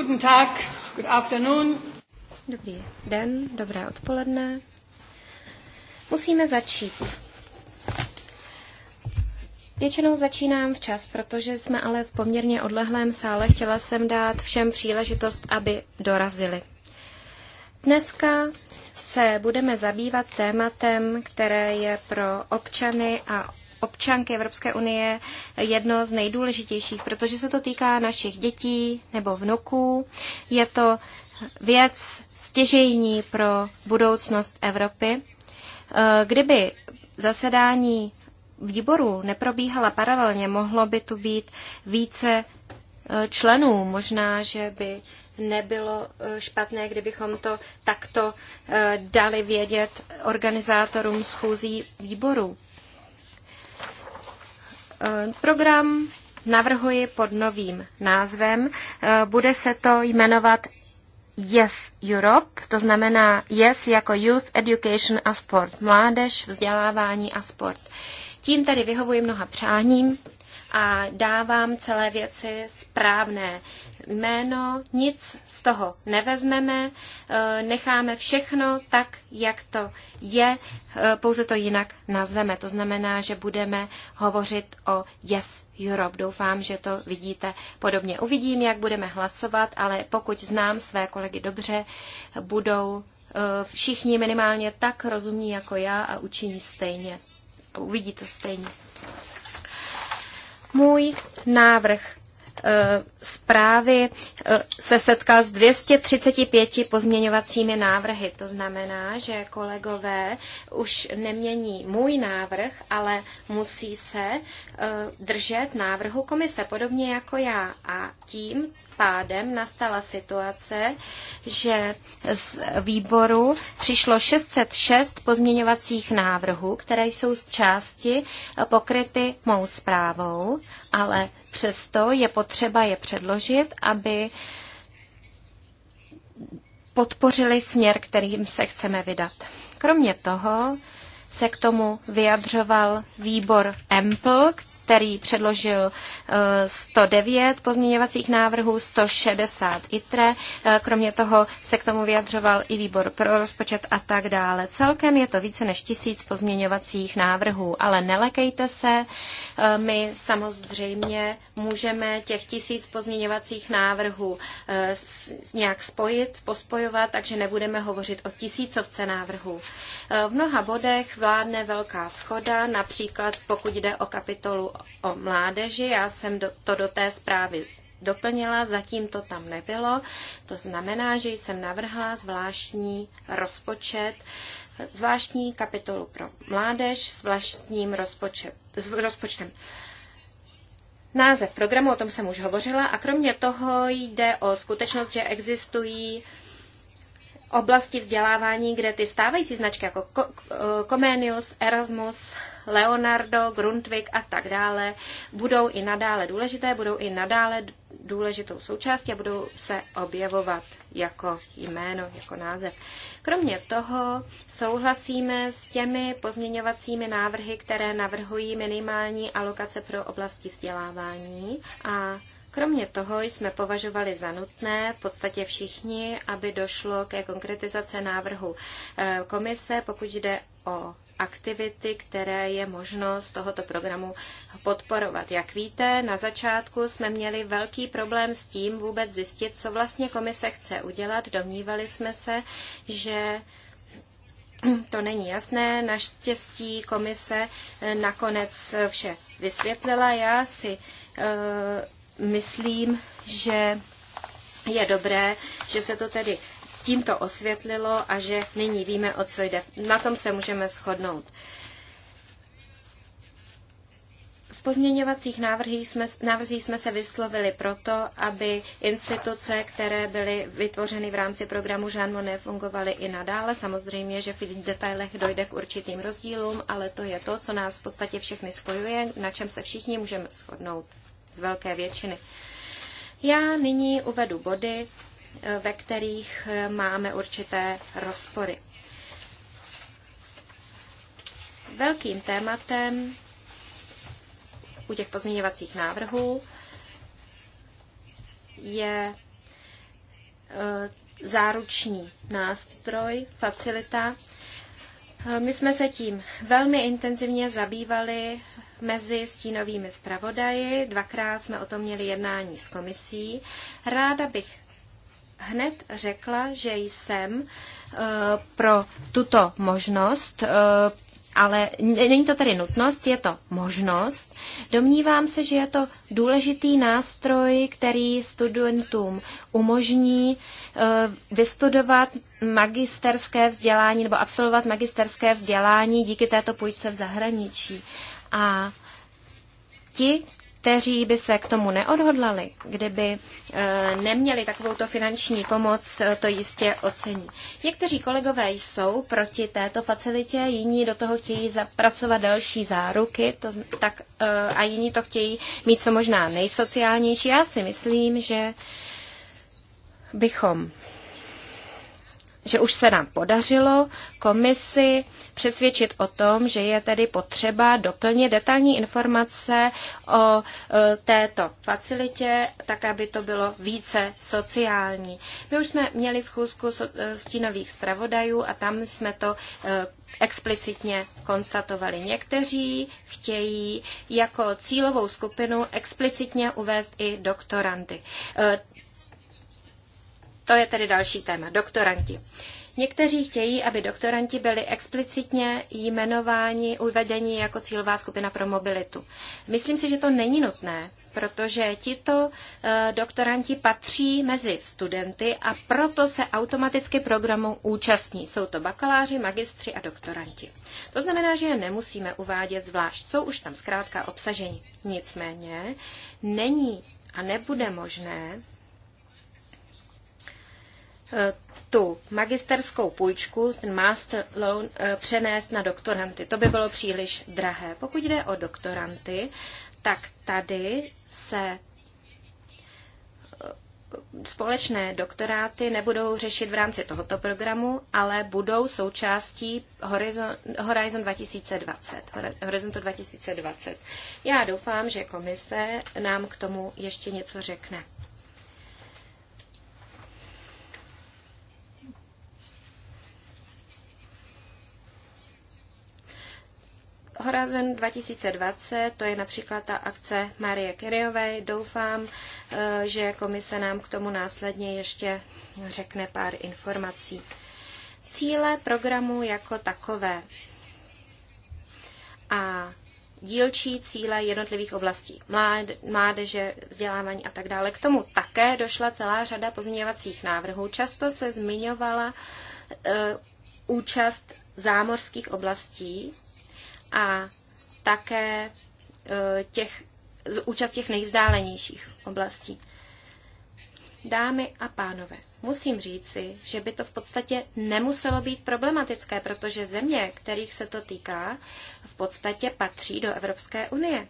Guten Tag, good afternoon. Dobrý den, dobré odpoledne. Musíme začít. Většinou začínám včas, protože jsme ale v poměrně odlehlém sále. Chtěla jsem dát všem příležitost, aby dorazili. Dneska se budeme zabývat tématem, které je pro občany a občanky Evropské unie jedno z nejdůležitějších, protože se to týká našich dětí nebo vnuků. Je to věc stěžejní pro budoucnost Evropy. Eh, kdyby zasedání výboru neprobíhala paralelně, mohlo by tu být více eh, členů. Možná, že by nebylo eh, špatné, kdybychom to takto dali vědět organizátorům schůzí výboru. Eh, program navrhuji pod novým názvem. Eh, bude se to jmenovat Yes Europe, to znamená Yes jako Youth Education a Sport, mládež, vzdělávání a sport. Tím tady vyhovuji mnoha přáním a dávám celé věci správné jméno, nic z toho nevezmeme, e, necháme všechno tak, jak to je, e, pouze to jinak nazveme. To znamená, že budeme hovořit o Yes Europe. Doufám, že to vidíte podobně. Uvidím, jak budeme hlasovat, ale pokud znám své kolegy dobře, budou e, všichni minimálně tak rozumní jako já a učiní stejně. Uvidí to stejně. Můj návrh Eh, zprávy eh, se setkal s 235 pozměňovacími návrhy. To znamená, že kolegové už nemění můj návrh, ale musí se eh, držet návrhu komise, podobně jako já. A tím pádem nastala situace, že z výboru přišlo 606 pozměňovacích návrhů, které jsou z části pokryty mou zprávou, ale Přesto je potřeba je předložit, aby podpořili směr, kterým se chceme vydat. Kromě toho se k tomu vyjadřoval výbor EMPL, který předložil 109 eh, pozměňovacích návrhů, 160 ITRE, eh, kromě toho se k tomu vyjadřoval i výbor pro rozpočet a tak dále. Celkem je to více než tisíc pozměňovacích návrhů, ale nelekejte se, eh, my samozřejmě můžeme těch tisíc pozměňovacích návrhů nějak spojit, pospojovat, takže nebudeme hovořit o tisícovce návrhů. V mnoha bodech vládne velká schoda, například pokud jde o kapitolu o mládeži. Já jsem do, to do té zprávy doplnila, zatím to tam nebylo. To znamená, že jsem navrhla zvláštní rozpočet, zvláštní kapitolu pro mládež s vlastním rozpočet, s rozpočtem. Název programu, o tom jsem už hovořila, a kromě toho jde o skutečnost, že existují oblasti vzdělávání, kde ty stávající značky jako Comenius, Erasmus, Leonardo, Grundtvig a tak dále budou i nadále důležité, budou i nadále důležitou součástí a budou se objevovat jako jméno, jako název. Kromě toho souhlasíme s těmi pozměňovacími návrhy, které navrhují minimální alokace pro oblasti vzdělávání a Kromě toho jsme považovali za nutné, v podstatě všichni, aby došlo ke konkretizace návrhu eh, komise, pokud jde o aktivity, které je možno z tohoto programu podporovat. Jak víte, na začátku jsme měli velký problém s tím vůbec zjistit, co vlastně komise chce udělat. Domnívali jsme se, že to není jasné. Naštěstí komise eh, nakonec eh, vše vysvětlila. Já si eh, myslím, že je dobré, že se to tedy tímto osvětlilo a že nyní víme, o co jde. Na tom se můžeme shodnout. V pozměňovacích návrzích jsme, návrzí jsme se vyslovili proto, aby instituce, které byly vytvořeny v rámci programu Jean Monnet, fungovaly i nadále. Samozřejmě, že v detailech dojde k určitým rozdílům, ale to je to, co nás v podstatě všechny spojuje, na čem se všichni můžeme shodnout z velké většiny. Já nyní uvedu body, ve kterých máme určité rozpory. Velkým tématem u těch pozměňovacích návrhů je eh, záruční nástroj, facilita. Eh, my jsme se tím velmi intenzivně zabývali mezi stínovými zpravodaji. Dvakrát jsme o tom měli jednání s komisí. Ráda bych hned řekla, že jsem eh, pro tuto možnost, eh, ale není to tedy nutnost, je to možnost. Domnívám se, že je to důležitý nástroj, který studentům umožní eh, vystudovat magisterské vzdělání nebo absolvovat magisterské vzdělání díky této půjčce v zahraničí. A ti, kteří by se k tomu neodhodlali, kdyby e, neměli takovouto finanční pomoc, e, to jistě ocení. Někteří kolegové jsou proti této facilitě, jiní do toho chtějí zapracovat další záruky to, tak, e, a jiní to chtějí mít co možná nejsociálnější. Já si myslím, že bychom že už se nám podařilo komisi přesvědčit o tom, že je tedy potřeba doplnit detailní informace o e, této facilitě, tak aby to bylo více sociální. My už jsme měli schůzku e, stínových zpravodajů a tam jsme to e, explicitně konstatovali. Někteří chtějí jako cílovou skupinu explicitně uvést i doktorandy. To je tedy další téma, doktoranti. Někteří chtějí, aby doktoranti byli explicitně jmenováni, uvedeni jako cílová skupina pro mobilitu. Myslím si, že to není nutné, protože tito eh, doktoranti patří mezi studenty a proto se automaticky programu účastní. Jsou to bakaláři, magistři a doktoranti. To znamená, že je nemusíme uvádět zvlášť, jsou už tam zkrátka obsaženi. Nicméně není a nebude možné tu magisterskou půjčku, ten master loan, eh, přenést na doktoranty. To by bylo příliš drahé. Pokud jde o doktoranty, tak tady se eh, společné doktoráty nebudou řešit v rámci tohoto programu, ale budou součástí Horizon, Horizon 2020, Horizontu 2020. Já doufám, že komise nám k tomu ještě něco řekne. Horizon 2020, to je například ta akce Marie Kiriové. Doufám, eh, že komise nám k tomu následně ještě řekne pár informací. Cíle programu jako takové a dílčí cíle jednotlivých oblastí, mládeže, vzdělávání a tak dále. K tomu také došla celá řada pozměňovacích návrhů. Často se zmiňovala e, účast zámořských oblastí a také e, těch, účast těch nejvzdálenějších oblastí. Dámy a pánové, musím říci, že by to v podstatě nemuselo být problematické, protože země, kterých se to týká, v podstatě patří do Evropské unie.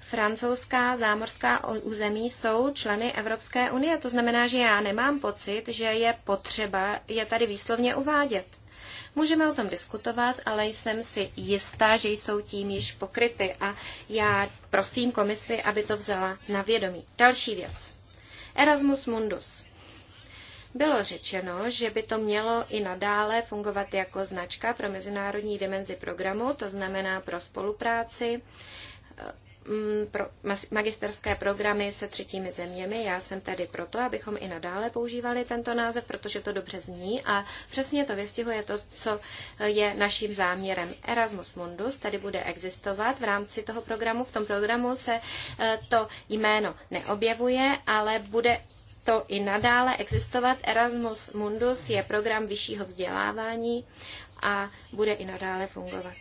Francouzská zámořská území jsou členy Evropské unie, to znamená, že já nemám pocit, že je potřeba je tady výslovně uvádět. Můžeme o tom diskutovat, ale jsem si jistá, že jsou tím již pokryty a já prosím komisi, aby to vzala na vědomí. Další věc. Erasmus Mundus. Bylo řečeno, že by to mělo i nadále fungovat jako značka pro mezinárodní dimenzi programu, to znamená pro spolupráci Mm, pro, magisterské programy se třetími zeměmi. Já jsem tady proto, abychom i nadále používali tento název, protože to dobře zní a přesně to vystihuje to, co eh, je naším záměrem. Erasmus Mundus tady bude existovat v rámci toho programu. V tom programu se eh, to jméno neobjevuje, ale bude to i nadále existovat. Erasmus Mundus je program vyššího vzdělávání a bude i nadále fungovat.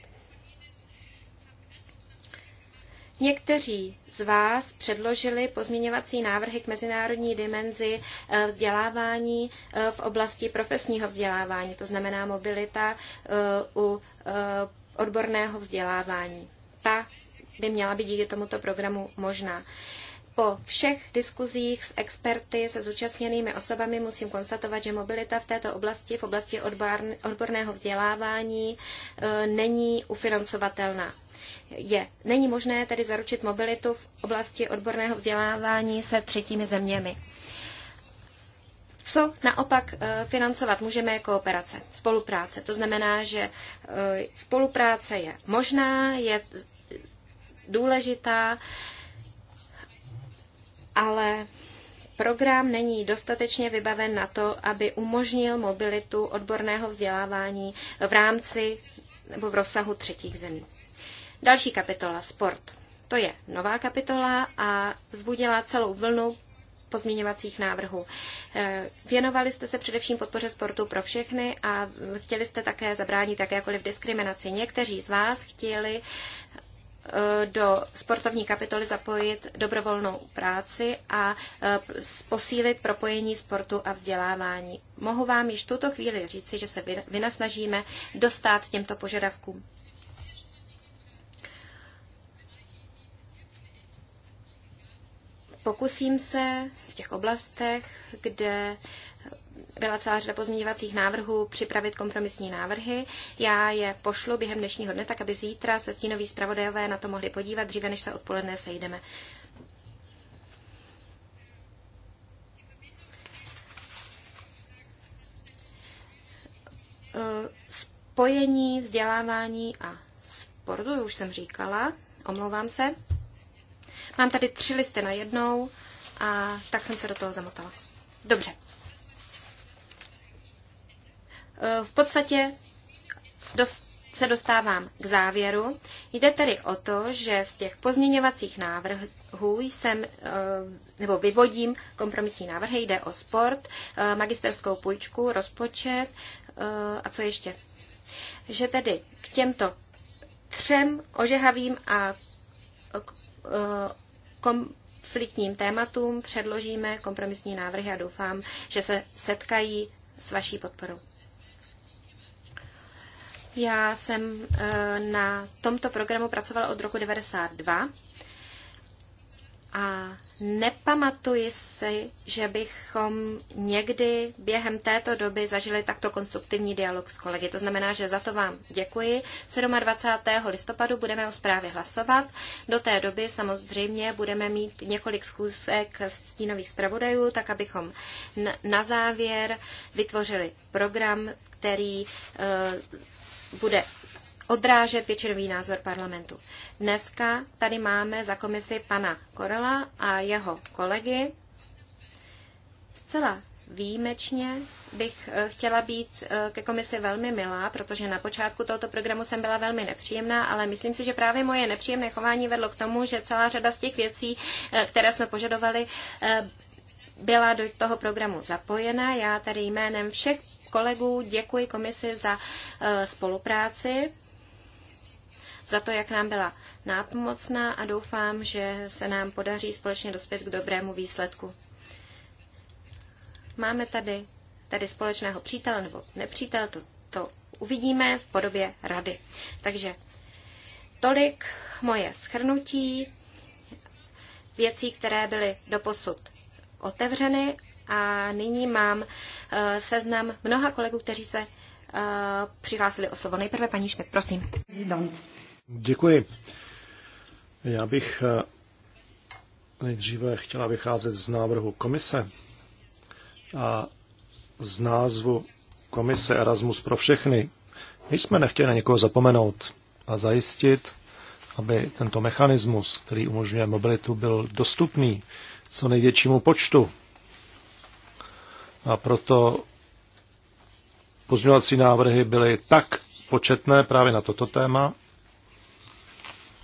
Někteří z vás předložili pozměňovací návrhy k mezinárodní dimenzi eh, vzdělávání eh, v oblasti profesního vzdělávání, to znamená mobilita eh, u odborného vzdělávání. Ta by měla být díky tomuto programu možná. Po všech diskuzích s experty, se zúčastněnými osobami musím konstatovat, že mobilita v této oblasti, v oblasti odborného vzdělávání, e, není ufinancovatelná. Je. Není možné tedy zaručit mobilitu v oblasti odborného vzdělávání se třetími zeměmi. Co naopak e, financovat můžeme je kooperace, spolupráce. To znamená, že e, spolupráce je možná, je důležitá, ale program není dostatečně vybaven na to, aby umožnil mobilitu odborného vzdělávání v rámci nebo v rozsahu třetích zemí. Další kapitola, sport. To je nová kapitola a vzbudila celou vlnu pozměňovacích návrhů. Eh, věnovali jste se především podpoře sportu pro všechny a chtěli jste také zabránit jakékoliv diskriminaci. Někteří z vás chtěli Eh, do sportovní kapitoly zapojit dobrovolnou práci a eh, posílit propojení sportu a vzdělávání. Mohu vám již tuto chvíli říci, že se vynasnažíme dostat těmto požadavkům. Pokusím se v těch oblastech, kde uh, byla celá řada pozměňovacích návrhů připravit kompromisní návrhy. Já je pošlu během dnešního dne, tak aby zítra se stínoví zpravodajové na to mohli podívat, dříve než se odpoledne sejdeme. Spojení, vzdělávání a sportu, už jsem říkala, omlouvám se. Mám tady tři listy na jednou a tak jsem se do toho zamotala. Dobře. V podstatě se dostávám k závěru. Jde tedy o to, že z těch pozměňovacích návrhů jsem, eh, nebo vyvodím kompromisní návrhy, jde o sport, eh, magisterskou půjčku, rozpočet eh, a co ještě? Že tedy k těmto třem ožehavým a konfliktním tématům předložíme kompromisní návrhy a doufám, že se setkají s vaší podporou. Já jsem eh, na tomto programu pracovala od roku 92 a nepamatuji si, že bychom někdy během této doby zažili takto konstruktivní dialog s kolegy. To znamená, že za to vám děkuji. 27. listopadu budeme o zprávě hlasovat. Do té doby samozřejmě budeme mít několik schůzek stínových zpravodajů, tak abychom na závěr vytvořili program, který eh, bude odrážet většinový názor parlamentu. Dneska tady máme za komisi pana Korela a jeho kolegy. Zcela výjimečně bych eh, chtěla být eh, ke komisi velmi milá, protože na počátku tohoto programu jsem byla velmi nepříjemná, ale myslím si, že právě moje nepříjemné chování vedlo k tomu, že celá řada z těch věcí, eh, které jsme požadovali, byla do toho programu zapojena. Já tady jménem všech kolegů. Děkuji komisi za eh, spolupráci, za to, jak nám byla nápomocná a doufám, že se nám podaří společně dospět k dobrému výsledku. Máme tady, tady společného přítele nebo nepřítele, to, to uvidíme v podobě rady. Takže tolik moje schrnutí věcí, které byly doposud otevřeny a nyní mám eh, seznam mnoha kolegů, kteří se eh, přihlásili o slovo. Nejprve paní Šmit, prosím. Děkuji. Já bych eh, nejdříve chtěla vycházet z návrhu komise a z názvu komise Erasmus pro všechny. My jsme nechtěli na někoho zapomenout a zajistit, aby tento mechanismus, který umožňuje mobilitu, byl dostupný co největšímu počtu a proto pozměňovací návrhy byly tak početné právě na toto téma.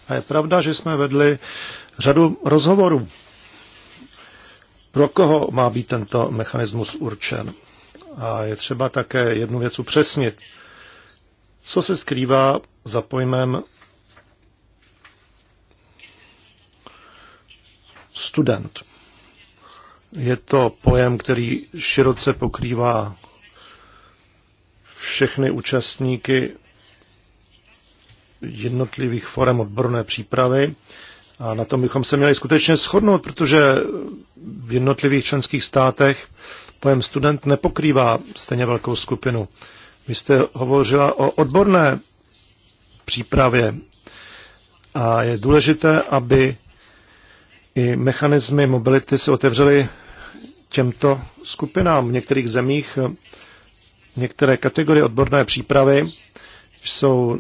A je pravda, že jsme vedli řadu rozhovorů. Pro koho má být tento mechanismus určen? A je třeba také jednu věc upřesnit. Co se skrývá za pojmem student? Je to pojem, který široce pokrývá všechny účastníky jednotlivých forem odborné přípravy. A na tom bychom se měli skutečně shodnout, protože v jednotlivých členských státech pojem student nepokrývá stejně velkou skupinu. Vy jste hovořila o odborné přípravě a je důležité, aby i mechanismy mobility se otevřely těmto skupinám. V některých zemích eh, některé kategorie odborné přípravy jsou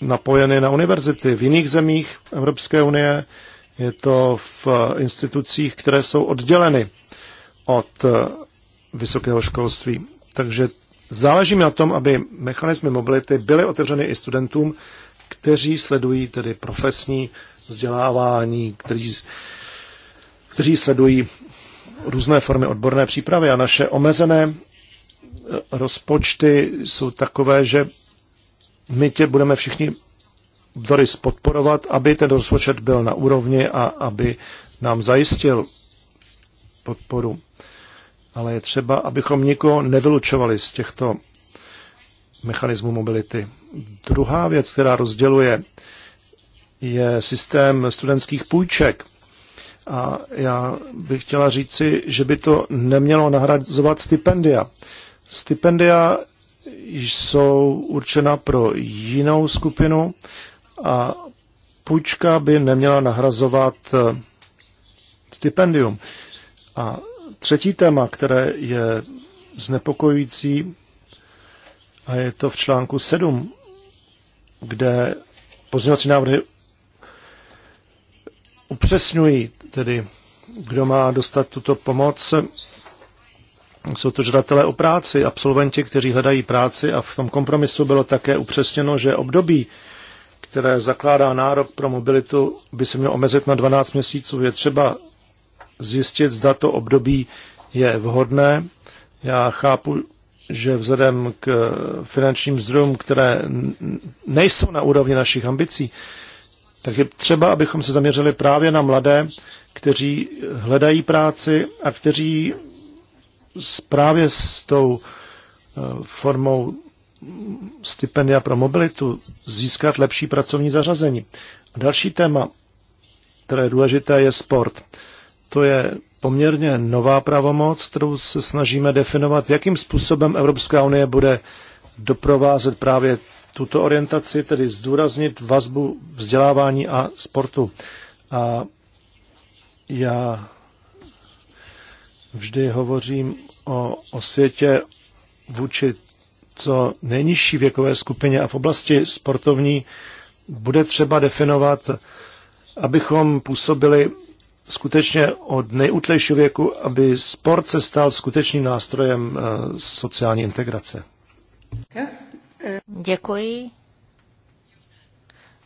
napojeny na univerzity. V jiných zemích Evropské unie je to v institucích, které jsou odděleny od eh, vysokého školství. Takže záleží mi na tom, aby mechanismy mobility byly otevřeny i studentům, kteří sledují tedy profesní vzdělávání, kteří, kteří sledují různé formy odborné přípravy a naše omezené eh, rozpočty jsou takové, že my tě budeme všichni Doris podporovat, aby ten rozpočet byl na úrovni a aby nám zajistil podporu. Ale je třeba, abychom nikoho nevylučovali z těchto mechanismů mobility. Druhá věc, která rozděluje je systém studentských půjček. A já bych chtěla říci, že by to nemělo nahrazovat stipendia. Stipendia jsou určena pro jinou skupinu a půjčka by neměla nahrazovat eh, stipendium. A třetí téma, které je znepokojující, a je to v článku 7, kde pozměňovací návrhy upřesňují, tedy kdo má dostat tuto pomoc. Jsou to žadatelé o práci, absolventi, kteří hledají práci a v tom kompromisu bylo také upřesněno, že období, které zakládá nárok pro mobilitu, by se mělo omezit na 12 měsíců. Je třeba zjistit, zda to období je vhodné. Já chápu, že vzhledem k finančním zdrojům, které nejsou na úrovni našich ambicí, takže třeba, abychom se zaměřili právě na mladé, kteří hledají práci a kteří právě s tou eh, formou stipendia pro mobilitu získat lepší pracovní zařazení. A další téma, které je důležité, je sport. To je poměrně nová pravomoc, kterou se snažíme definovat, jakým způsobem Evropská unie bude doprovázet právě tuto orientaci, tedy zdůraznit vazbu vzdělávání a sportu. A já vždy hovořím o, o světě vůči co nejnižší věkové skupině a v oblasti sportovní bude třeba definovat, abychom působili skutečně od nejútlejšího věku, aby sport se stal skutečným nástrojem eh, sociální integrace. Okay. Děkuji.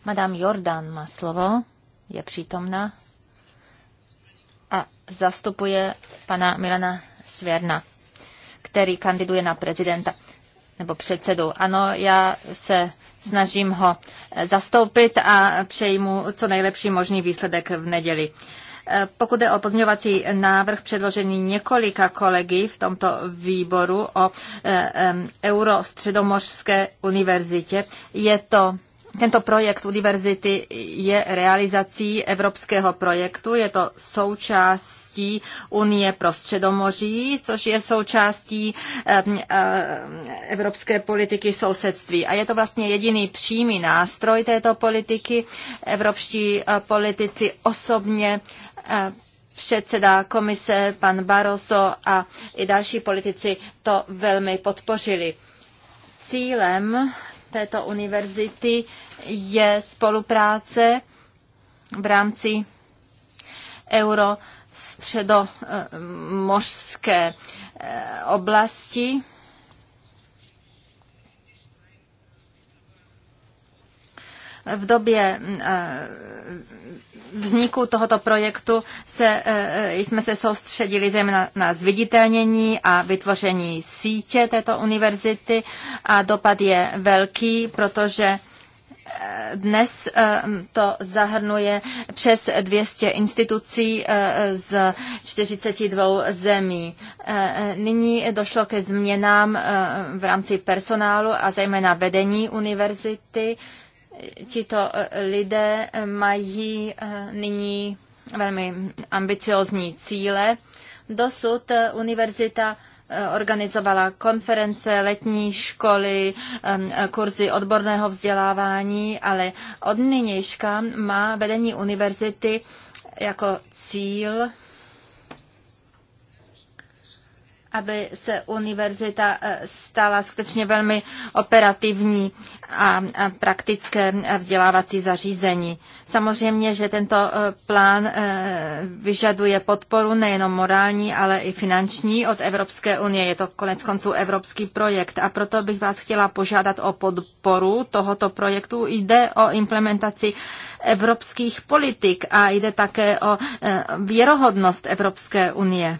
Madame Jordan má slovo, je přítomna a zastupuje pana Milana Svěrna, který kandiduje na prezidenta nebo předsedu. Ano, já se snažím ho zastoupit a přeji mu co nejlepší možný výsledek v neděli. Pokud je o pozměňovací návrh předložený několika kolegy v tomto výboru o eh, Eurostředomořské univerzitě, je to tento projekt univerzity je realizací evropského projektu, je to součástí Unie pro středomoří, což je součástí eh, evropské politiky sousedství. A je to vlastně jediný přímý nástroj této politiky. Evropští eh, politici osobně předseda komise, pan Barroso a i další politici to velmi podpořili. Cílem této univerzity je spolupráce v rámci euro středomořské eh, eh, oblasti V době eh, vzniku tohoto projektu se, eh, jsme se soustředili zejména na zviditelnění a vytvoření sítě této univerzity a dopad je velký, protože eh, dnes to zahrnuje přes 200 institucí z 42 zemí. Nyní došlo ke změnám v rámci personálu a zejména vedení univerzity tito eh, lidé eh, mají eh, nyní velmi ambiciozní cíle. Dosud univerzita organizovala konference, letní školy, kurzy odborného vzdělávání, ale od nynějška má vedení univerzity jako cíl aby se univerzita eh, stala skutečně velmi operativní a praktické vzdělávací zařízení. Samozřejmě, že tento eh, plán eh, vyžaduje podporu nejenom morální, ale i finanční od Evropské unie. Je to konec konců evropský projekt a proto bych vás chtěla požádat o podporu tohoto projektu. Jde o implementaci evropských politik a jde také o věrohodnost Evropské unie.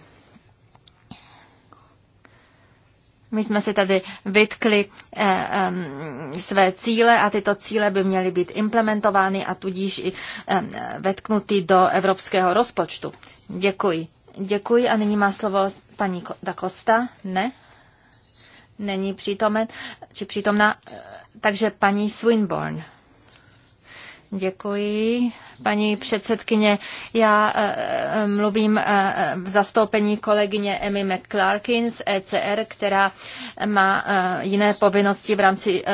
My jsme si tady vytkli eh, eh, své cíle a tyto cíle by měly být implementovány a tudíž i eh, vetknuty do evropského rozpočtu. Děkuji. Děkuji a nyní má slovo paní Da Costa. Ne? Není přítomen, či přítomna, eh, takže paní Swinburne. Děkuji. Paní předsedkyně, já eh, eh, mluvím eh, v zastoupení kolegyně Emmy McClarkin z ECR, která má jiné povinnosti v rámci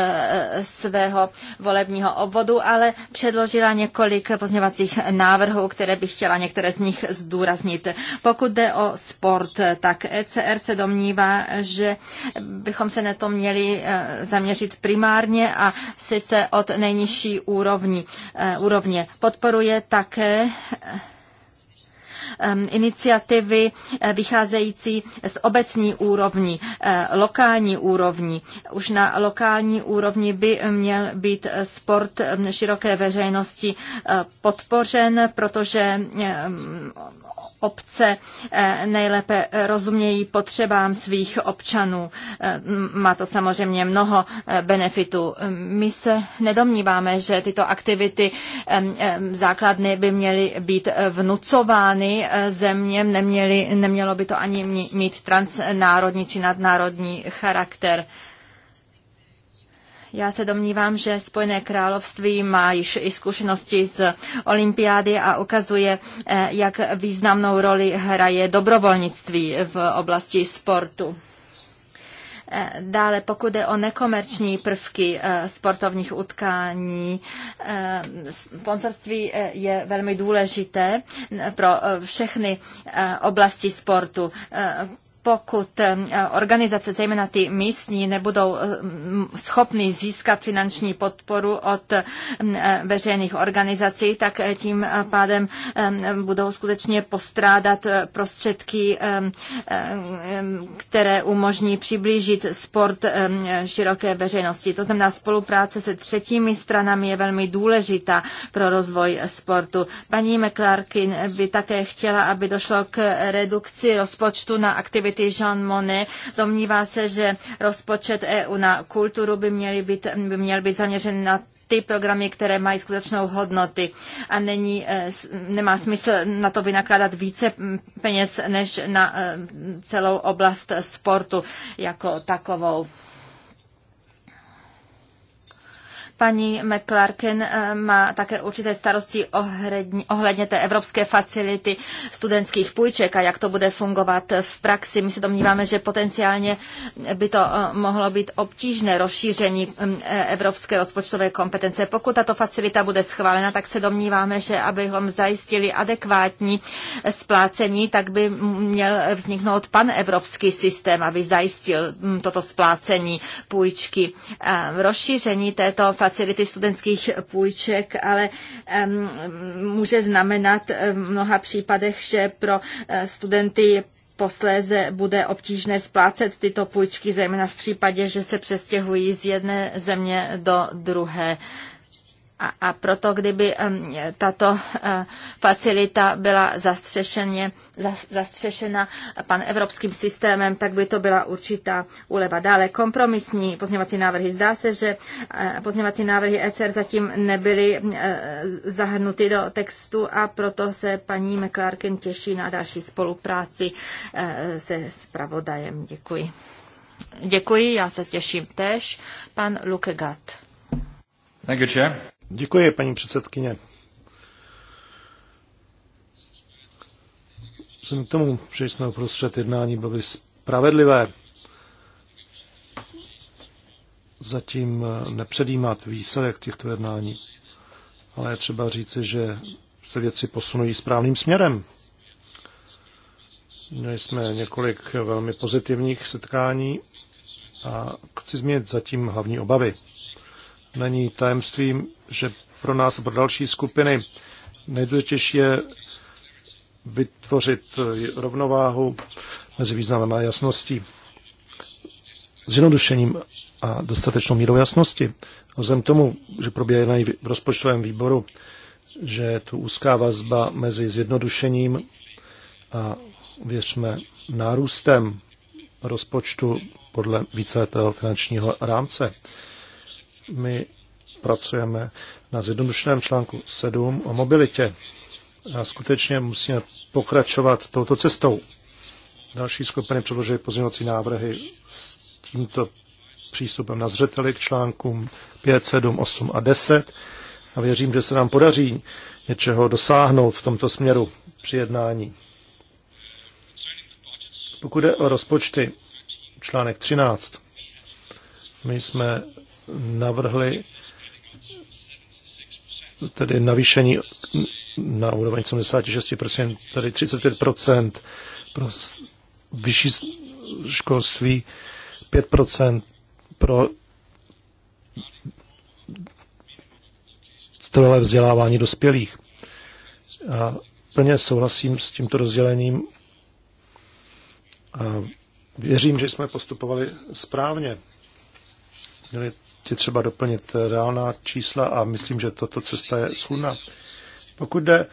svého volebního obvodu, ale předložila několik pozměvacích návrhů, které bych chtěla některé z nich zdůraznit. Pokud jde o sport, tak ECR se domnívá, že bychom se na to měli zaměřit primárně a sice od nejnižší úrovni Eh, úrovně. Podporuje také eh, iniciativy eh, vycházející z obecní úrovni, lokální úrovni. Už na lokální úrovni by měl být sport široké veřejnosti podpořen, protože obce eh, nejlépe rozumějí potřebám svých občanů. Eh, má to samozřejmě mnoho eh, benefitů. My se nedomníváme, že tyto aktivity základny by měly být vnucovány zeměm, neměly, nemělo by to ani mít transnárodní či nadnárodní charakter. Já se domnívám, že Spojené království má již i zkušenosti z olympiády a ukazuje, eh, jak významnou roli hraje dobrovolnictví v oblasti sportu. Eh, dále, pokud jde o nekomerční prvky eh, sportovních utkání, sponsorství je velmi důležité pro všechny oblasti sportu pokud eh, organizace, zejména ty místní, nebudou eh, schopny získat finanční podporu od eh, veřejných organizací, tak tím pádem budou skutečně postrádat prostředky, které umožní přiblížit sport široké veřejnosti. To znamená, spolupráce se třetími stranami je velmi důležitá pro rozvoj sportu. Paní McClarkin by také chtěla, aby došlo k redukci rozpočtu na aktivity univerzity Jean Monnet domnívá se, že rozpočet EU na kulturu by, měly být, by měl být zaměřen na ty programy, které mají skutečnou hodnoty a není, eh, nemá smysl na to vynakládat více peněz než na eh, celou oblast sportu jako takovou. Paní McClarkin eh, má také určité starosti ohledně té evropské facility studentských půjček a jak to bude fungovat v praxi. My se domníváme, že potenciálně by to eh, mohlo být obtížné rozšíření mm, eh, evropské rozpočtové kompetence. Pokud tato facilita bude schválena, tak se domníváme, že abychom zajistili adekvátní splácení, tak by měl vzniknout panevropský systém, aby zajistil mm, toto splácení půjčky. Rozšíření této facility studentských půjček, ale může znamenat v mnoha případech, že pro eh, studenty posléze bude obtížné splácet tyto půjčky, zejména v případě, že se přestěhují z jedné země do druhé. A, a proto, kdyby tato eh, facilita byla zastřešeně, zastřešena pan evropským systémem, tak by to byla určitá uleva. Dále kompromisní pozměňovací návrhy. Zdá se, že eh, pozměňovací návrhy ECR zatím nebyly eh, zahrnuty do textu a proto se paní McClarkin těší na další spolupráci se spravodajem. Děkuji. Děkuji, já se těším tež. Pan Lukegat. Thank you, Chair. Děkuji, paní předsedkyně. Jsem k tomu, že jsme uprostřed jednání byli spravedlivé. Zatím nepředjímat výsledek těchto jednání, ale je třeba říci, že se věci posunují správným směrem. Měli jsme několik velmi pozitivních setkání a chci změnit zatím hlavní obavy. Není tajemstvím, že pro nás a pro další skupiny nejdůležitější je vytvořit rovnováhu mezi významem a jasností. Zjednodušením a dostatečnou mírou jasnosti. Vzhledem k tomu, že probíhá jednání v rozpočtovém výboru, že je tu úzká vazba mezi zjednodušením a věřme nárůstem rozpočtu podle víceletého finančního rámce. My pracujeme na zjednodušeném článku 7 o mobilitě. A skutečně musíme pokračovat touto cestou. Další skupiny předložily pozměňovací návrhy s tímto přístupem na zřeteli k článkům 5, 7, 8 a 10 a věřím, že se nám podaří něčeho dosáhnout v tomto směru při jednání. Pokud jde o rozpočty, článek 13, my jsme navrhli tedy navýšení na úroveň 76%, tedy 35% pro vyšší školství, 5% pro trvalé vzdělávání dospělých. A plně souhlasím s tímto rozdělením a věřím, že jsme postupovali správně. Měli je třeba doplnit eh, reálná čísla a myslím, že toto cesta je schůdná. Pokud jde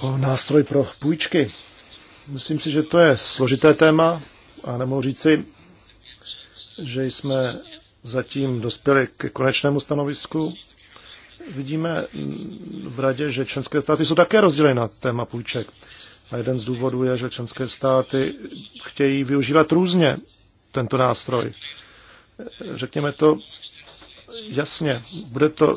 o nástroj pro půjčky, myslím si, že to je složité téma a nemohu říci, že jsme zatím dospěli k konečnému stanovisku. Vidíme v radě, že členské státy jsou také rozděleny na téma půjček. A jeden z důvodů je, že členské státy chtějí využívat různě tento nástroj řekněme to jasně, bude to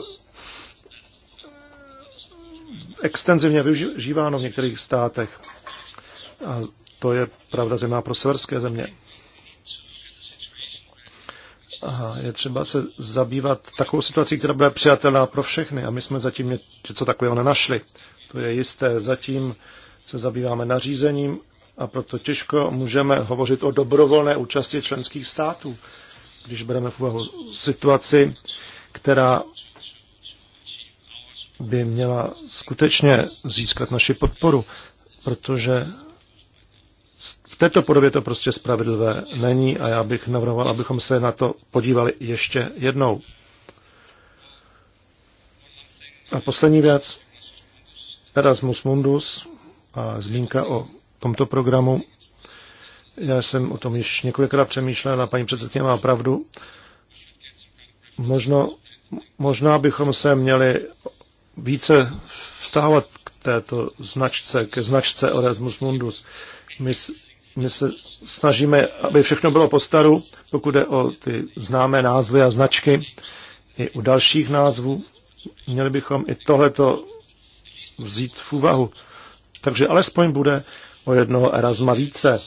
extenzivně využíváno v některých státech. A to je pravda zejména pro severské země. A je třeba se zabývat takovou situací, která byla přijatelná pro všechny. A my jsme zatím něco takového nenašli. To je jisté. Zatím se zabýváme nařízením a proto těžko můžeme hovořit o dobrovolné účasti členských států když bereme v úvahu situaci, která by měla skutečně získat naši podporu, protože v této podobě to prostě spravedlivé není a já bych navrhoval, abychom se na to podívali ještě jednou. A poslední věc, Erasmus Mundus a zmínka o tomto programu já jsem o tom již několikrát přemýšlel a paní předsedkyně má pravdu. Možno, možná bychom se měli více vztahovat k této značce, ke značce Erasmus Mundus. My, my se snažíme, aby všechno bylo po staru, pokud je o ty známé názvy a značky, i u dalších názvů. Měli bychom i tohleto vzít v úvahu. Takže alespoň bude o jednoho Erasma více.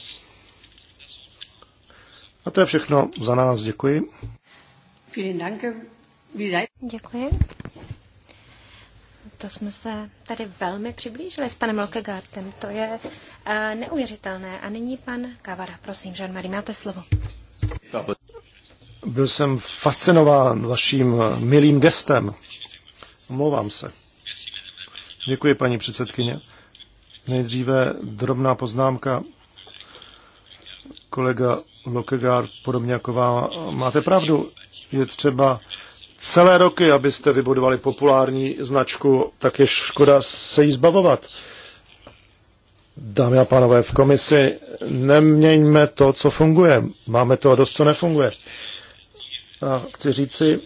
A to je všechno za nás. Děkuji. Děkuji. To jsme se tady velmi přiblížili s panem Lokegartem. To je uh, neuvěřitelné. A nyní pan Kavara. Prosím, Jean-Marie, máte slovo. Byl jsem fascinován vaším eh, milým gestem. Omlouvám se. Děkuji, paní předsedkyně. Nejdříve drobná poznámka. Kolega Lokegaard, podobně jako vám, máte pravdu. Je třeba celé roky, abyste vybudovali populární značku, tak je škoda se jí zbavovat. Dámy a pánové, v komisi neměňme to, co funguje. Máme to a dost, co nefunguje. A chci říci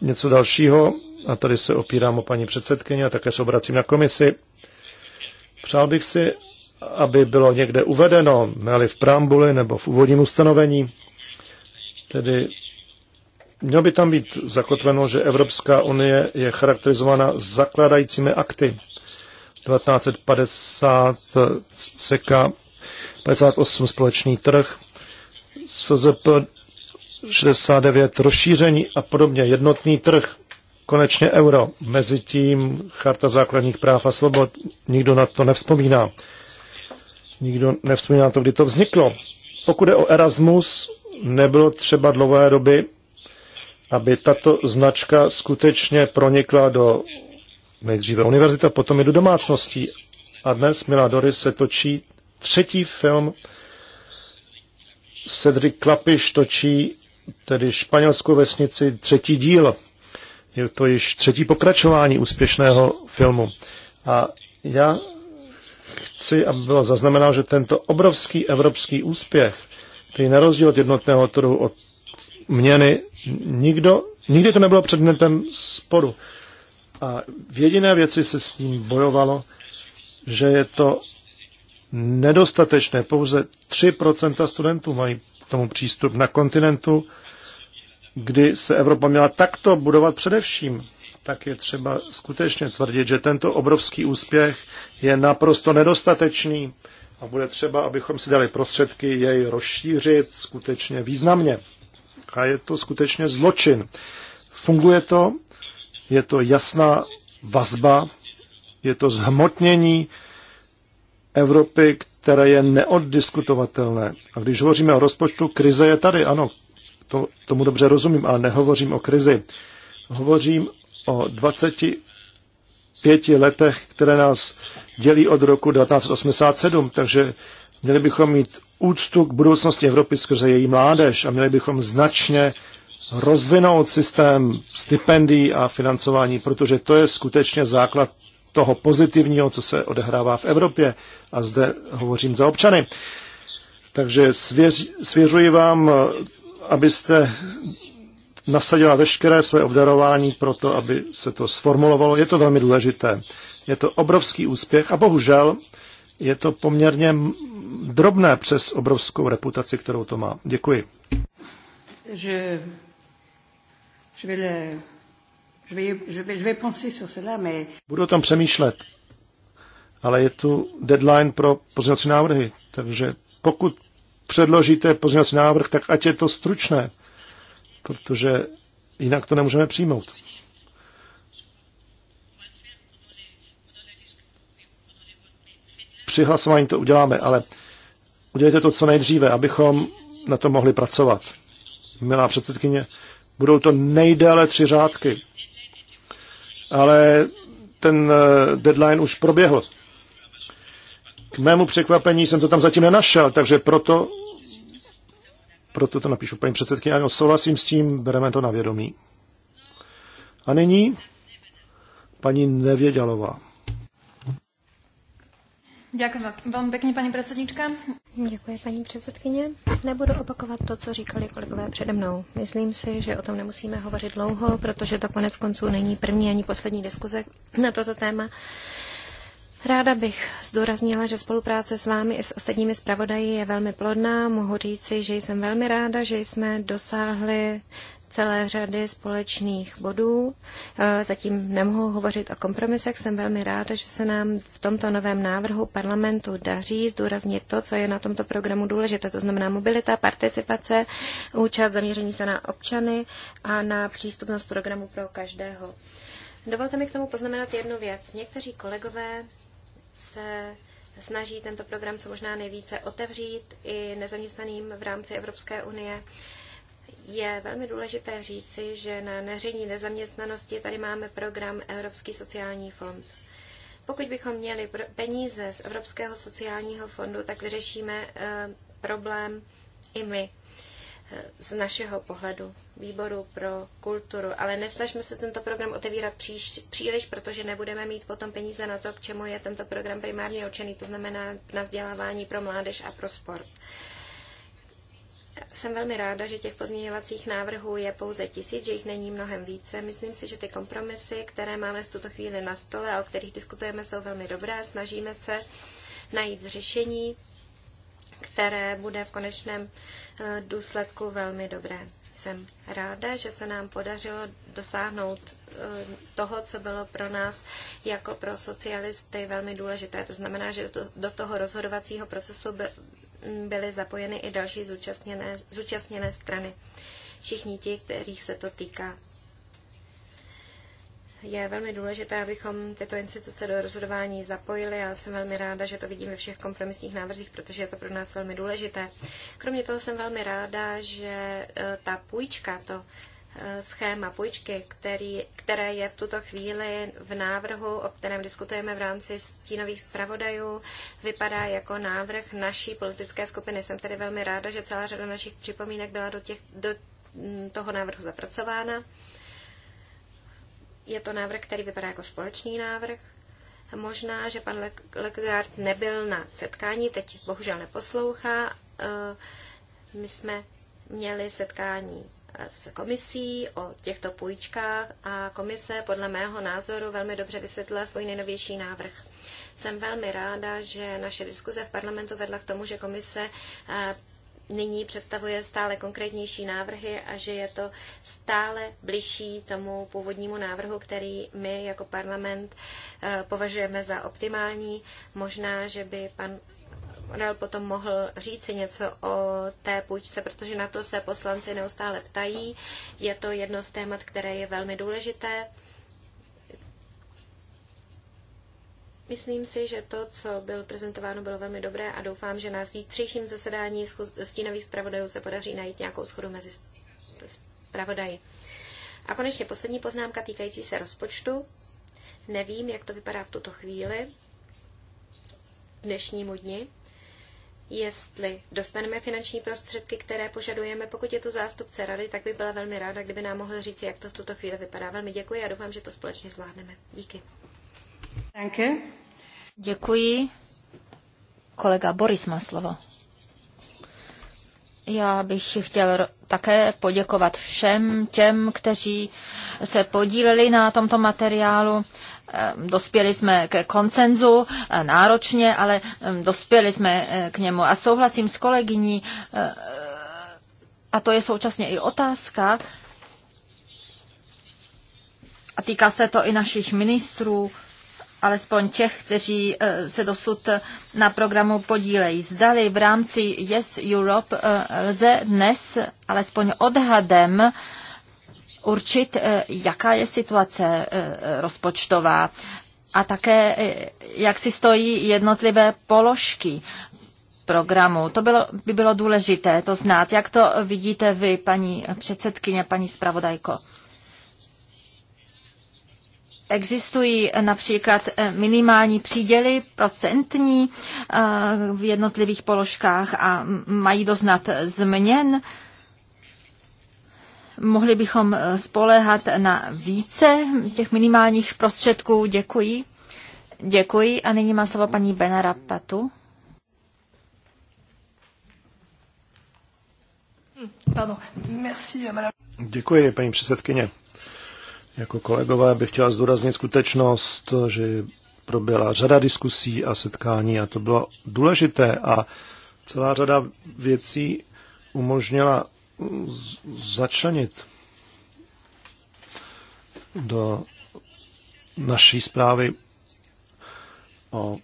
něco dalšího, a tady se opírám o paní předsedkyně a také se obracím na komisi. Přál bych si, aby bylo někde uvedeno, měli v preambuli nebo v úvodním ustanovení. Tedy mělo by tam být zakotveno, že Evropská unie je charakterizována zakládajícími akty. 1950 CK 58 společný trh, SZP 69 rozšíření a podobně jednotný trh, konečně euro, mezi tím charta základních práv a svobod, nikdo na to nevzpomíná nikdo nevzpomíná to, kdy to vzniklo. Pokud je o Erasmus, nebylo třeba dlouhé doby, aby tato značka skutečně pronikla do nejdříve univerzita, potom i do domácností. A dnes, milá Doris, se točí třetí film. Cedric Klapiš točí tedy španělskou vesnici třetí díl. Je to již třetí pokračování úspěšného filmu. A já chci, aby bylo zaznamenáno, že tento obrovský evropský úspěch, který na rozdíl od jednotného trhu, od měny, nikdo, nikdy to nebylo předmětem sporu. A v jediné věci se s tím bojovalo, že je to nedostatečné. Pouze 3% studentů mají k tomu přístup na kontinentu, kdy se Evropa měla takto budovat především tak je třeba skutečně tvrdit, že tento obrovský úspěch je naprosto nedostatečný a bude třeba, abychom si dali prostředky jej rozšířit skutečně významně. A je to skutečně zločin. Funguje to, je to jasná vazba, je to zhmotnění Evropy, které je neoddiskutovatelné. A když hovoříme o rozpočtu, krize je tady, ano, to, tomu dobře rozumím, ale nehovořím o krizi. Hovořím o 25 letech, které nás dělí od roku 1987, takže měli bychom mít úctu k budoucnosti Evropy skrze její mládež a měli bychom značně rozvinout systém stipendií a financování, protože to je skutečně základ toho pozitivního, co se odehrává v Evropě a zde hovořím za občany. Takže svěř, svěřuji vám, abyste nasadila veškeré své obdarování pro to, aby se to sformulovalo. Je to velmi důležité. Je to obrovský úspěch a bohužel je to poměrně drobné přes obrovskou reputaci, kterou to má. Děkuji. Je, je vais le, je vais, je vais, je vais penser sur cela, mais... Budu o tom přemýšlet, ale je tu deadline pro pozměňovací návrhy, takže pokud předložíte pozměňovací návrh, tak ať je to stručné protože jinak to nemůžeme přijmout. Při hlasování to uděláme, ale udělejte to co nejdříve, abychom na to mohli pracovat. Milá předsedkyně, budou to nejdéle tři řádky, ale ten eh, deadline už proběhl. K mému překvapení jsem to tam zatím nenašel, takže proto proto to napíšu paní předsedky, Ano, souhlasím s tím, bereme to na vědomí. A nyní paní Nevědělová. Děkuji vám pěkně, paní předsednička. Děkuji, paní předsedkyně. Nebudu opakovat to, co říkali kolegové přede mnou. Myslím si, že o tom nemusíme hovořit dlouho, protože to konec konců není první ani poslední diskuze na toto téma. Ráda bych zdůraznila, že spolupráce s vámi i s ostatními zpravodaji je velmi plodná. Mohu říci, že jsem velmi ráda, že jsme dosáhli celé řady společných bodů. E, zatím nemohu hovořit o kompromisech. Jsem velmi ráda, že se nám v tomto novém návrhu parlamentu daří zdůraznit to, co je na tomto programu důležité, to znamená mobilita, participace, účast, zaměření se na občany a na přístupnost programu pro každého. Dovolte mi k tomu poznamenat jednu věc. Někteří kolegové se snaží tento program co možná nejvíce otevřít i nezaměstnaným v rámci Evropské unie. Je velmi důležité říci, že na neření nezaměstnanosti tady máme program Evropský sociální fond. Pokud bychom měli peníze z Evropského sociálního fondu, tak vyřešíme eh, problém i my z našeho pohledu výboru pro kulturu, ale nesnažme se tento program otevírat příš, příliš, protože nebudeme mít potom peníze na to, k čemu je tento program primárně určený, to znamená na vzdělávání pro mládež a pro sport. Jsem velmi ráda, že těch pozměňovacích návrhů je pouze tisíc, že jich není mnohem více. Myslím si, že ty kompromisy, které máme v tuto chvíli na stole a o kterých diskutujeme, jsou velmi dobré. Snažíme se najít řešení které bude v konečném eh, důsledku velmi dobré. Jsem ráda, že se nám podařilo dosáhnout eh, toho, co bylo pro nás jako pro socialisty velmi důležité. To znamená, že do toho rozhodovacího procesu mm, byly zapojeny i další zúčastněné, zúčastněné strany. Všichni ti, kterých se to týká je velmi důležité, abychom tyto instituce do rozhodování zapojili. Já jsem velmi ráda, že to vidím ve všech kompromisních návrzích, protože je to pro nás velmi důležité. Kromě toho jsem velmi ráda, že eh, ta půjčka, to eh, schéma půjčky, který, které je v tuto chvíli v návrhu, o kterém diskutujeme v rámci stínových zpravodajů, vypadá jako návrh naší politické skupiny. Jsem tedy velmi ráda, že celá řada našich připomínek byla do, těch, do mm, toho návrhu zapracována. Je to návrh, který vypadá jako společný návrh. Možná, že pan Legard nebyl na setkání, teď bohužel neposlouchá. Eh, my jsme měli setkání eh, s komisí o těchto půjčkách a komise podle mého názoru velmi dobře vysvětlila svůj nejnovější návrh. Jsem velmi ráda, že naše diskuze v parlamentu vedla k tomu, že komise eh, nyní představuje stále konkrétnější návrhy a že je to stále bližší tomu původnímu návrhu, který my jako parlament eh, považujeme za optimální. Možná, že by pan Morel potom mohl říci něco o té půjčce, protože na to se poslanci neustále ptají. Je to jedno z témat, které je velmi důležité. Myslím si, že to, co bylo prezentováno, bylo velmi dobré a doufám, že na zítřejším zasedání stínových zpravodajů se podaří najít nějakou schodu mezi zpravodaji. A konečně poslední poznámka týkající se rozpočtu. Nevím, jak to vypadá v tuto chvíli, v dnešnímu dni, jestli dostaneme finanční prostředky, které požadujeme. Pokud je tu zástupce rady, tak bych byla velmi ráda, kdyby nám mohl říct, jak to v tuto chvíli vypadá. Velmi děkuji a doufám, že to společně zvládneme. Díky. Danke. Děkuji. Kolega Boris má slovo. Já bych chtěl také poděkovat všem těm, kteří se podíleli na tomto materiálu. Ehm, dospěli jsme ke koncenzu e, náročně, ale ehm, dospěli jsme e, k němu. A souhlasím s kolegyní, e, a to je současně i otázka, a týká se to i našich ministrů, alespoň těch, kteří eh, se dosud na programu podílejí. Zdali v rámci Yes Europe eh, lze dnes alespoň odhadem určit, eh, jaká je situace rozpočtová a také, jak si stojí jednotlivé položky programu. To bylo, by bylo důležité to znát. Jak to vidíte vy, paní předsedkyně, paní zpravodajko? Existují například eh, minimální příděly procentní eh, v jednotlivých položkách a mají doznat změn. Mohli bychom eh, spoléhat na více těch minimálních prostředků. Děkuji. Děkuji a nyní má slovo paní Benara Patu. Hm, Děkuji, paní předsedkyně. Jako kolegové bych chtěl zdůraznit skutečnost, že proběhla řada diskusí a setkání a to bylo důležité a celá řada věcí umožnila začlenit do naší zprávy o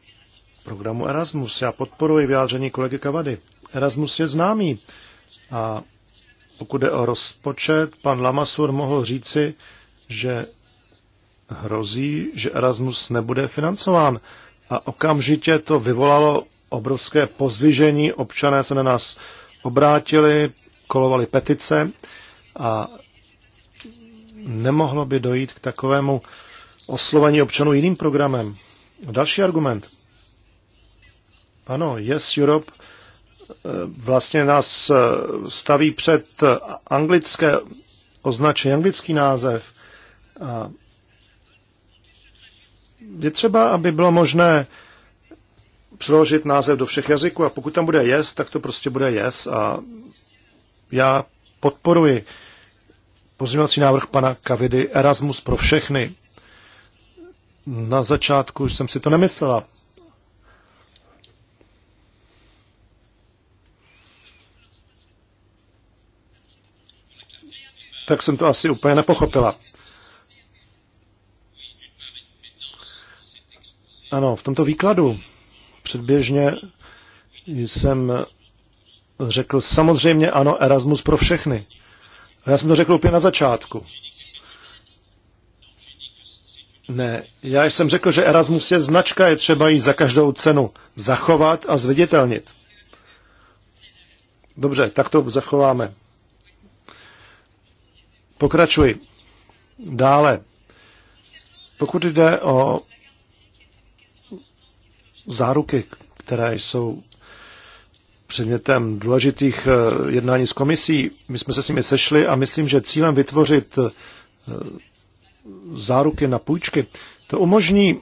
programu Erasmus. Já podporuji vyjádření kolegy Kavady. Erasmus je známý a pokud jde o rozpočet, pan Lamasur mohl říci, že hrozí, že Erasmus nebude financován. A okamžitě to vyvolalo obrovské pozvižení. Občané se na nás obrátili, kolovali petice a nemohlo by dojít k takovému oslovení občanů jiným programem. Další argument. Ano, Yes Europe eh, vlastně nás eh, staví před anglické označení, anglický název – a je třeba, aby bylo možné přeložit název do všech jazyků a pokud tam bude yes, tak to prostě bude yes a já podporuji pozměňovací návrh pana Kavidy Erasmus pro všechny. Na začátku jsem si to nemyslela. Tak jsem to asi úplně nepochopila. Ano, v tomto výkladu předběžně jsem řekl samozřejmě ano, Erasmus pro všechny. A já jsem to řekl úplně na začátku. Ne, já jsem řekl, že Erasmus je značka, je třeba ji za každou cenu zachovat a zviditelnit. Dobře, tak to zachováme. Pokračuji. Dále. Pokud jde o záruky, které jsou předmětem důležitých eh, jednání s komisí. My jsme se s nimi sešli a myslím, že cílem vytvořit eh, záruky na půjčky, to umožní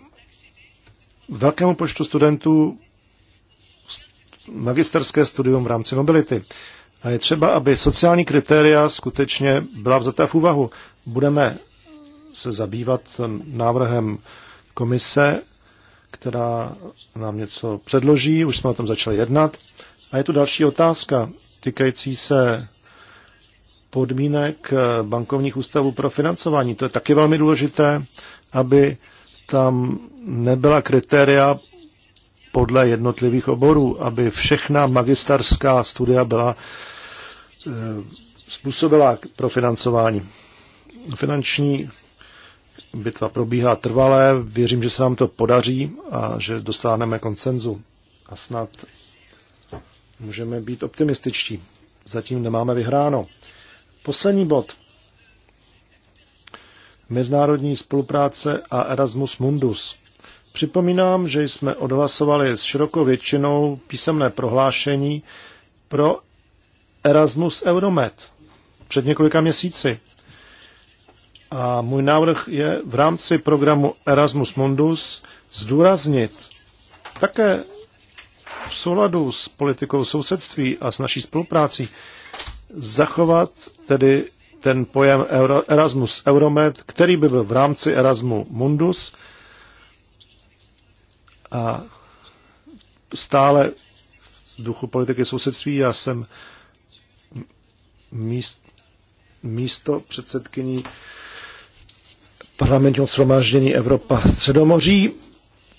velkému počtu studentů magisterské studium v rámci mobility. A je třeba, aby sociální kritéria skutečně byla vzata v úvahu. Budeme se zabývat eh, návrhem komise která nám něco předloží, už jsme o tom začali jednat. A je tu další otázka týkající se podmínek eh, bankovních ústavů pro financování. To je taky velmi důležité, aby tam nebyla kritéria podle jednotlivých oborů, aby všechna magisterská studia byla eh, způsobila pro financování. Finanční bitva probíhá trvalé. Věřím, že se nám to podaří a že dosáhneme koncenzu. A snad můžeme být optimističtí. Zatím nemáme vyhráno. Poslední bod. Mezinárodní spolupráce a Erasmus Mundus. Připomínám, že jsme odhlasovali s širokou většinou písemné prohlášení pro Erasmus Euromed před několika měsíci. A můj návrh je v rámci programu Erasmus Mundus zdůraznit také v souladu s politikou sousedství a s naší spoluprácí zachovat tedy ten pojem Erasmus Euromed, který by byl v rámci Erasmu Mundus a stále v duchu politiky sousedství. Já jsem míst, místo předsedkyní parlamentního shromáždění Evropa Středomoří,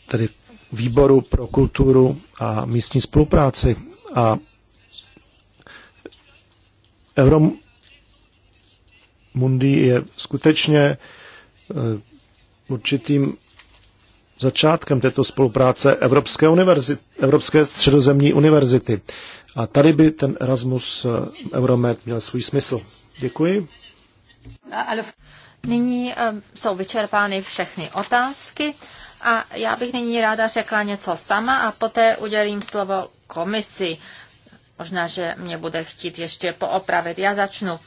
tedy výboru pro kulturu a místní spolupráci. A Euromundi je skutečně eh, určitým začátkem této spolupráce Evropské, univerzit, Evropské středozemní univerzity. A tady by ten Erasmus eh, Euromed měl svůj smysl. Děkuji. Nyní jsou vyčerpány všechny otázky a já bych nyní ráda řekla něco sama a poté udělím slovo komisi. Možná, že mě bude chtít ještě poopravit. Já začnu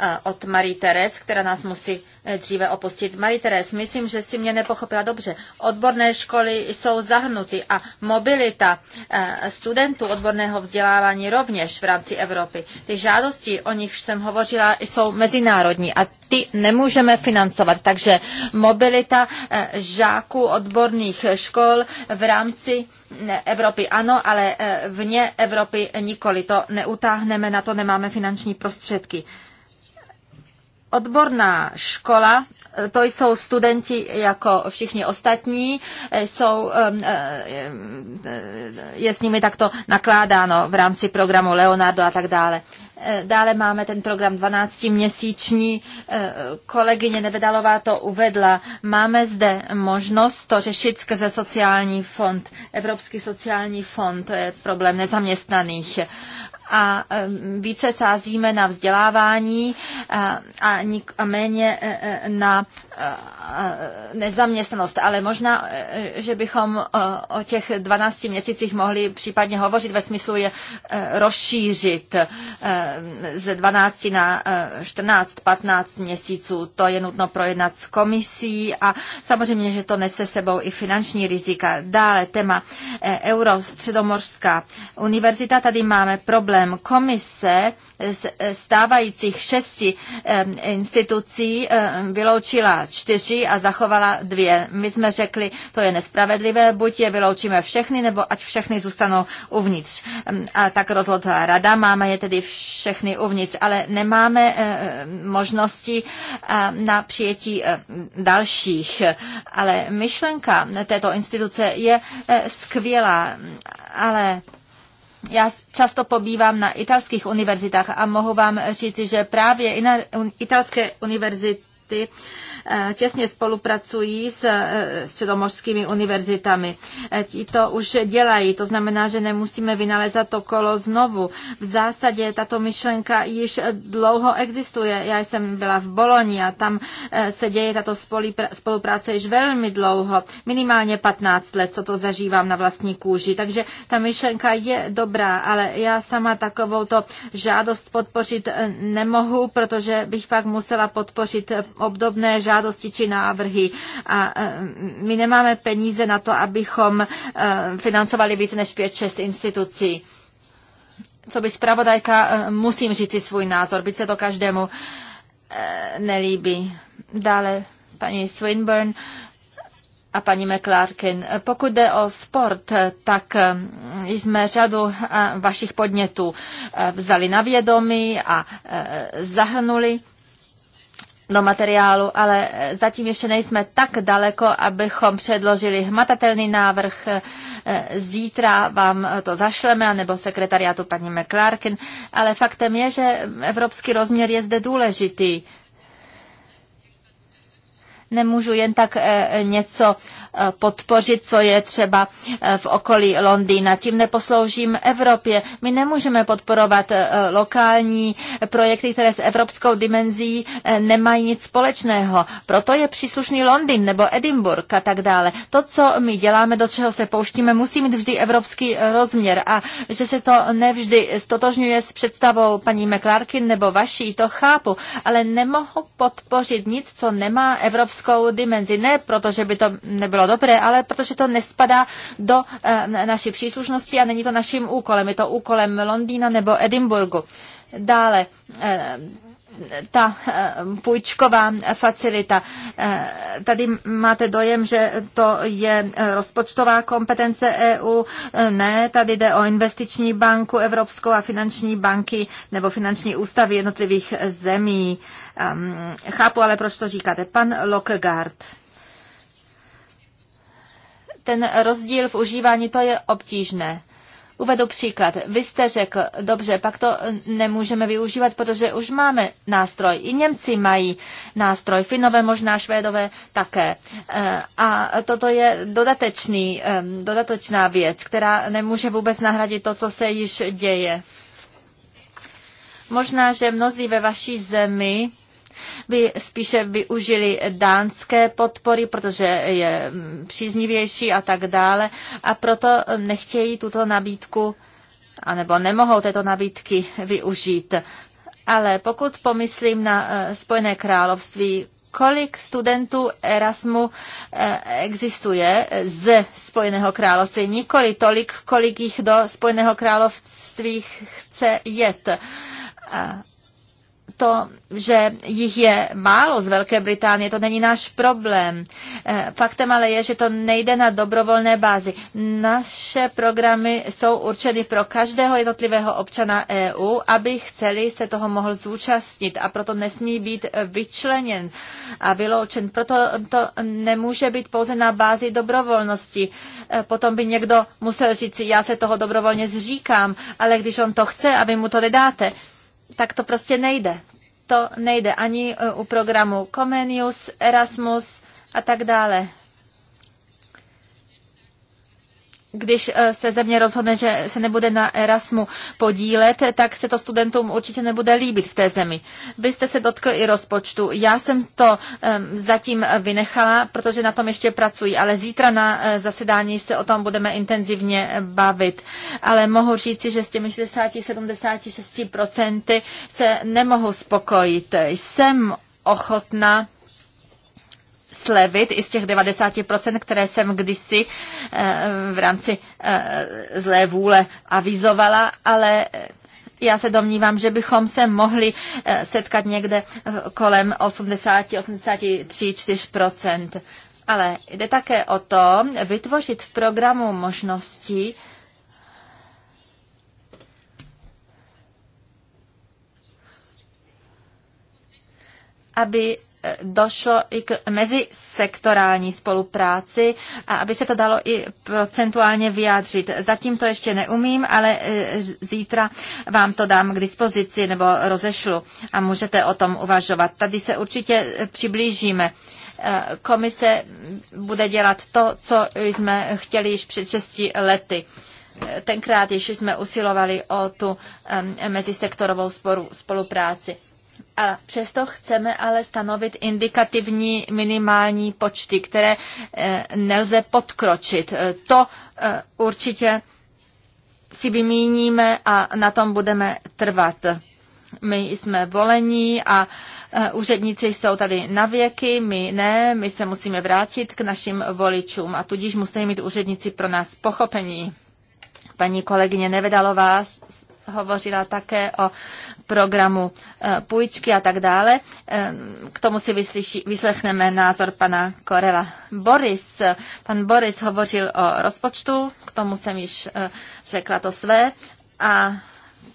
Eh, od Marie Teres, která nás musí eh, dříve opustit. Marie Teres, myslím, že si mě nepochopila dobře. Odborné školy jsou zahrnuty a mobilita eh, studentů odborného vzdělávání rovněž v rámci Evropy. Ty žádosti, o nich jsem hovořila, jsou mezinárodní a ty nemůžeme financovat. Takže mobilita žáků odborných škol v rámci Evropy ano, ale vně Evropy nikoli. To neutáhneme, na to nemáme finanční prostředky. Odborná škola, to jsou studenti jako všichni ostatní, jsou, um, eh, je s nimi takto nakládáno v rámci programu Leonardo a tak dále. Eh, dále máme ten program 12-měsíční. Eh, kolegyně Nevedalová to uvedla. Máme zde možnost to řešit skrze sociální fond, Evropský sociální fond, to je problém nezaměstnaných a více sázíme na vzdělávání a, a méně e, e, na Eh, nezaměstnanost, ale možná, eh, že bychom eh, o těch 12 měsících mohli případně hovořit ve smyslu je rozšířit z 12 na 14, 15 měsíců. To je nutno projednat s komisí a samozřejmě, že to nese sebou i finanční rizika. Dále téma Euro Středomorská univerzita. Tady máme problém komise stávajících šesti institucí vyloučila čtyři a zachovala dvě. My jsme řekli, to je nespravedlivé, buď je vyloučíme všechny, nebo ať všechny zůstanou uvnitř. Mm, a tak rozhodla rada, máme je tedy všechny uvnitř, ale nemáme eh, eh, možnosti eh, na přijetí dalších. Ale myšlenka této instituce je skvělá, ale já často pobývám na italských univerzitách a mohu vám říct, že právě italské univerzity projekty. Eh, těsně spolupracují s eh, středomořskými univerzitami. Eh, ti to už dělají, to znamená, že nemusíme vynalezat to kolo znovu. V zásadě tato myšlenka již dlouho existuje. Já jsem byla v Boloni a tam se děje tato spolupráce již velmi dlouho, minimálně 15 let, co to zažívám na vlastní kůži. Takže ta myšlenka je dobrá, ale já sama takovouto žádost podpořit nemohu, protože bych pak musela podpořit obdobné žádosti či návrhy. A e, my nemáme peníze na to, abychom e, financovali víc než 5-6 institucí. Co by zpravodajka, e, musím říct si svůj názor, byť se to každému nelíbí. Dále paní Swinburne a paní McClarkin. Pokud jde o sport, tak jsme řadu vašich podnětů vzali na vědomí a zahrnuli do materiálu, ale eh, zatím ještě nejsme tak daleko, abychom předložili hmatatelný návrh. Eh, zítra vám to zašleme, nebo sekretariátu paní McClarkin, ale faktem je, že evropský rozměr je zde důležitý nemůžu jen tak eh, něco podpořit, co je třeba eh, v okolí Londýna. Tím neposloužím Evropě. My nemůžeme podporovat eh, lokální projekty, které s evropskou dimenzí eh, nemají nic společného. Proto je příslušný Londýn nebo Edinburgh a tak dále. To, co my děláme, do čeho se pouštíme, musí mít vždy evropský rozměr a že se to nevždy stotožňuje s představou paní McClarkin nebo vaší, to chápu, ale nemohu podpořit nic, co nemá evropskou dimenzi. Ne proto, že by to nebylo bylo dobré, ale protože to nespadá do eh, naší příslušnosti a není to naším úkolem. Je to úkolem Londýna nebo Edinburgu. Dále, eh, ta eh, půjčková facilita. Tady máte dojem, že to je rozpočtová kompetence EU. Ne, tady jde o investiční banku Evropskou a finanční banky nebo finanční ústavy jednotlivých zemí. Ehm, chápu ale, proč to říkáte. Pan Lockegaard ten rozdíl v užívání, to je obtížné. Uvedu příklad. Vy jste řekl, dobře, pak to nemůžeme využívat, protože už máme nástroj. I Němci mají nástroj, Finové možná, Švédové také. Eh, a toto je dodatečný, dodatečná věc, která nemůže vůbec nahradit to, co se již děje. Možná, že mnozí ve vaší zemi by spíše využili dánské podpory, protože je mm, příznivější a tak dále a proto mm, nechtějí tuto nabídku anebo nemohou této nabídky využít. Ale pokud pomyslím na eh, Spojené království, kolik studentů Erasmu eh, existuje z Spojeného království. Nikoli tolik, kolik jich do Spojeného království chce jet to, že jich je málo z Velké Británie, to není náš problém. Eh, faktem ale je, že to nejde na dobrovolné bázi. Naše programy jsou určeny pro každého jednotlivého občana EU, aby chceli se toho mohl zúčastnit a proto nesmí být vyčleněn a vyloučen. Proto to nemůže být pouze na bázi dobrovolnosti. Eh, potom by někdo musel říct, já se toho dobrovolně zříkám, ale když on to chce a vy mu to nedáte, tak to prostě nejde. To nejde ani eh, u programu Comenius, Erasmus a tak dále. když eh, se země rozhodne, že se nebude na Erasmu podílet, tak se to studentům určitě nebude líbit v té zemi. Vy jste se dotkl i rozpočtu. Já jsem to zatím vynechala, protože na tom ještě pracuji, ale zítra na eh, zasedání se o tom budeme intenzivně bavit. Ale mohu říci, že s těmi 60-76% se nemohu spokojit. Jsem ochotna slevit i z těch 90%, které jsem kdysi eh, v rámci eh, zlé vůle avizovala, ale já se domnívám, že bychom se mohli eh, setkat někde kolem 80, 83, 4 Ale jde také o to vytvořit v programu možnosti, aby došlo i k mezisektorální spolupráci a aby se to dalo i procentuálně vyjádřit. Zatím to ještě neumím, ale e, zítra vám to dám k dispozici nebo rozešlu a můžete o tom uvažovat. Tady se určitě e, přiblížíme e, komise bude dělat to, co jsme chtěli již před 6 lety. Tenkrát již jsme usilovali o tu mezisektorovou spolupráci. A přesto chceme ale stanovit indikativní minimální počty, které eh, nelze podkročit. Eh, to eh, určitě si vymíníme a na tom budeme trvat. My jsme volení a úředníci jsou tady na věky, my ne, my se musíme vrátit k našim voličům a tudíž musí mít úředníci pro nás pochopení. Paní kolegyně Nevedalová hovořila také o programu eh, půjčky a tak dále. Eh, k tomu si vyslyší, vyslechneme názor pana Korela. Boris, pan Boris hovořil o rozpočtu, k tomu jsem již eh, řekla to své, a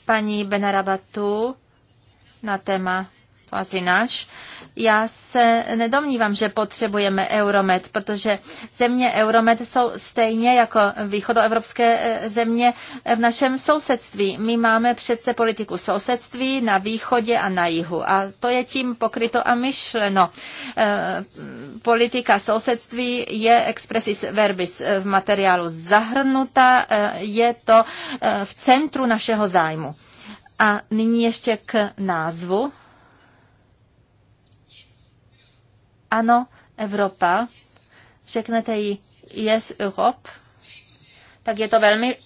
paní Benarabatu na téma asi náš. Já se nedomnívám, že potřebujeme Euromed, protože země Euromed jsou stejně jako východoevropské e, země v našem sousedství. My máme přece politiku sousedství na východě a na jihu a to je tím pokryto a myšleno. E, politika sousedství je expressis verbis e, v materiálu zahrnuta, je to v centru našeho zájmu. A nyní ještě k názvu ano, Evropa, řeknete jí yes, Europe, tak je to velmi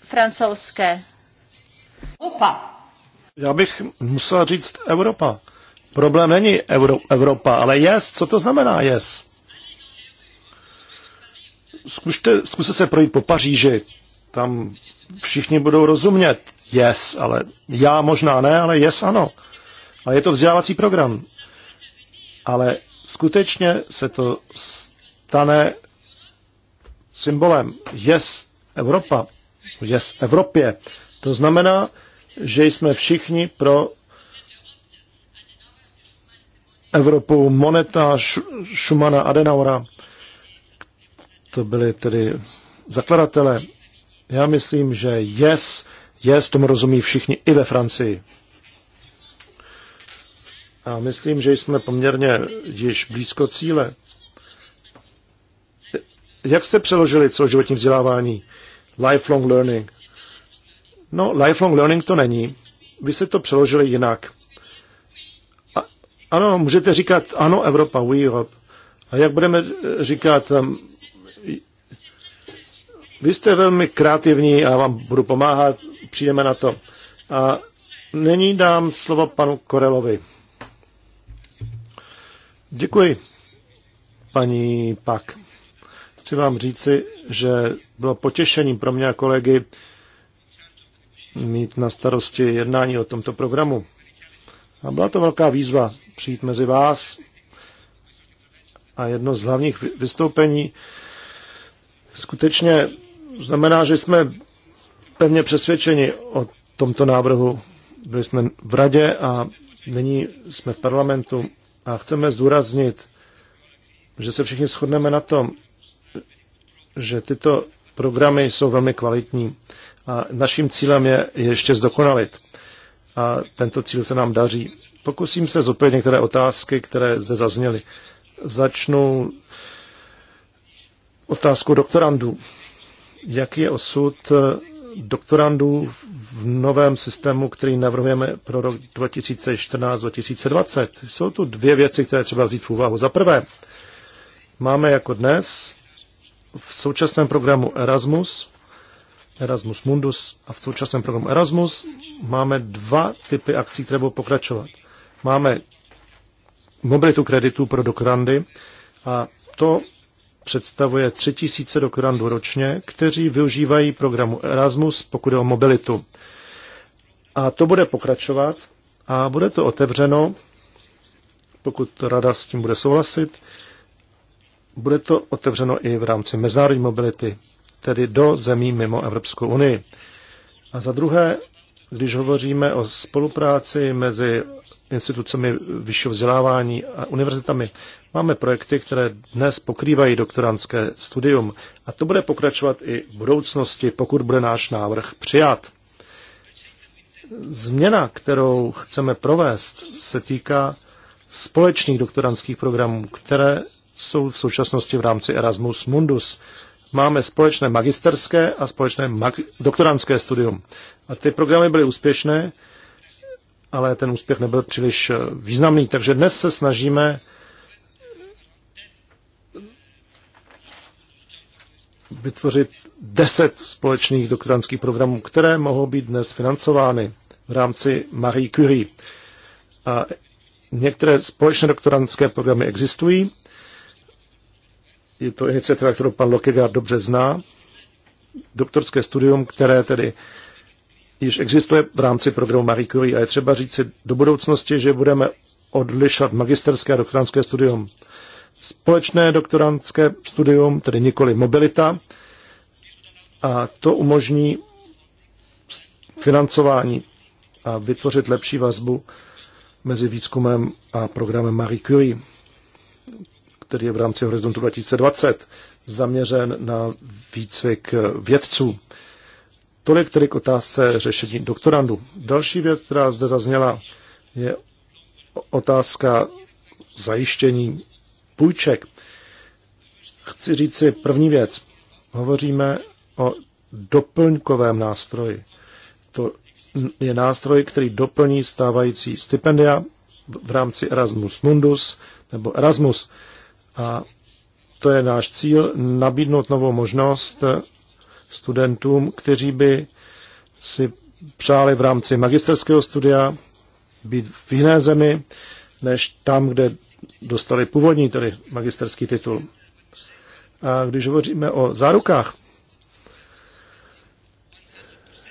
francouzské. Opa. Já bych musel říct Evropa. Problém není Euro, Evropa, ale yes. Co to znamená yes? Zkušte, zkuste se projít po Paříži. Tam všichni budou rozumět yes, ale já možná ne, ale yes ano. A je to vzdělávací program. Ale skutečně se to stane symbolem yes Evropa, yes Evropě. To znamená, že jsme všichni pro Evropu Moneta, Schumana, Adenaura. To byli tedy zakladatelé. Já myslím, že yes, yes tomu rozumí všichni i ve Francii. A myslím, že jsme poměrně již blízko cíle. Jak jste přeložili celoživotní vzdělávání? Lifelong learning. No, lifelong learning to není. Vy jste to přeložili jinak. A, ano, můžete říkat ano, Evropa, we Europe. A jak budeme eh, říkat, ehm, vy jste velmi kreativní a vám budu pomáhat, přijdeme na to. A nyní dám slovo panu Korelovi. Děkuji, paní Pak. Chci vám říci, že bylo potěšením pro mě a kolegy mít na starosti jednání o tomto programu. A byla to velká výzva přijít mezi vás a jedno z hlavních vystoupení skutečně znamená, že jsme pevně přesvědčeni o tomto návrhu. Byli jsme v radě a nyní jsme v parlamentu a chceme zdůraznit, že se všichni shodneme na tom, že tyto programy jsou velmi kvalitní a naším cílem je ještě zdokonalit. A tento cíl se nám daří. Pokusím se zopět některé otázky, které zde zazněly. Začnu otázku doktorandů. Jaký je osud doktorandů v novém systému, který navrhujeme pro rok 2014-2020. Jsou tu dvě věci, které třeba vzít v úvahu. Za prvé, máme jako dnes v současném programu Erasmus, Erasmus Mundus a v současném programu Erasmus máme dva typy akcí, které budou pokračovat. Máme mobilitu kreditů pro doktorandy a to představuje 3000 doktorandů ročně, kteří využívají programu Erasmus, pokud je o mobilitu. A to bude pokračovat a bude to otevřeno, pokud rada s tím bude souhlasit, bude to otevřeno i v rámci mezinárodní mobility, tedy do zemí mimo Evropskou unii. A za druhé, když hovoříme o spolupráci mezi institucemi vyššího vzdělávání a univerzitami. Máme projekty, které dnes pokrývají doktorantské studium a to bude pokračovat i v budoucnosti, pokud bude náš návrh přijat. Změna, kterou chceme provést, se týká společných doktorantských programů, které jsou v současnosti v rámci Erasmus Mundus. Máme společné magisterské a společné mag- doktorantské studium. A ty programy byly úspěšné ale ten úspěch nebyl příliš eh, významný. Takže dnes se snažíme vytvořit deset společných doktorantských programů, které mohou být dnes financovány v rámci Marie Curie. A některé společné doktorantské programy existují. Je to iniciativa, kterou pan Lokegaard dobře zná. Doktorské studium, které tedy již existuje v rámci programu Marie Curie a je třeba říci do budoucnosti, že budeme odlišovat magisterské a doktorantské studium. Společné doktorantské studium, tedy nikoli mobilita, a to umožní financování a vytvořit lepší vazbu mezi výzkumem a programem Marie Curie, který je v rámci Horizontu 2020 zaměřen na výcvik vědců. Tolik tedy k otázce řešení doktorandů. Další věc, která zde zazněla, je otázka zajištění půjček. Chci říct si první věc. Hovoříme o doplňkovém nástroji. To je nástroj, který doplní stávající stipendia v rámci Erasmus Mundus nebo Erasmus. A to je náš cíl, nabídnout novou možnost studentům, kteří by si přáli v rámci magisterského studia být v jiné zemi, než tam, kde dostali původní, tedy magisterský titul. A když hovoříme o zárukách,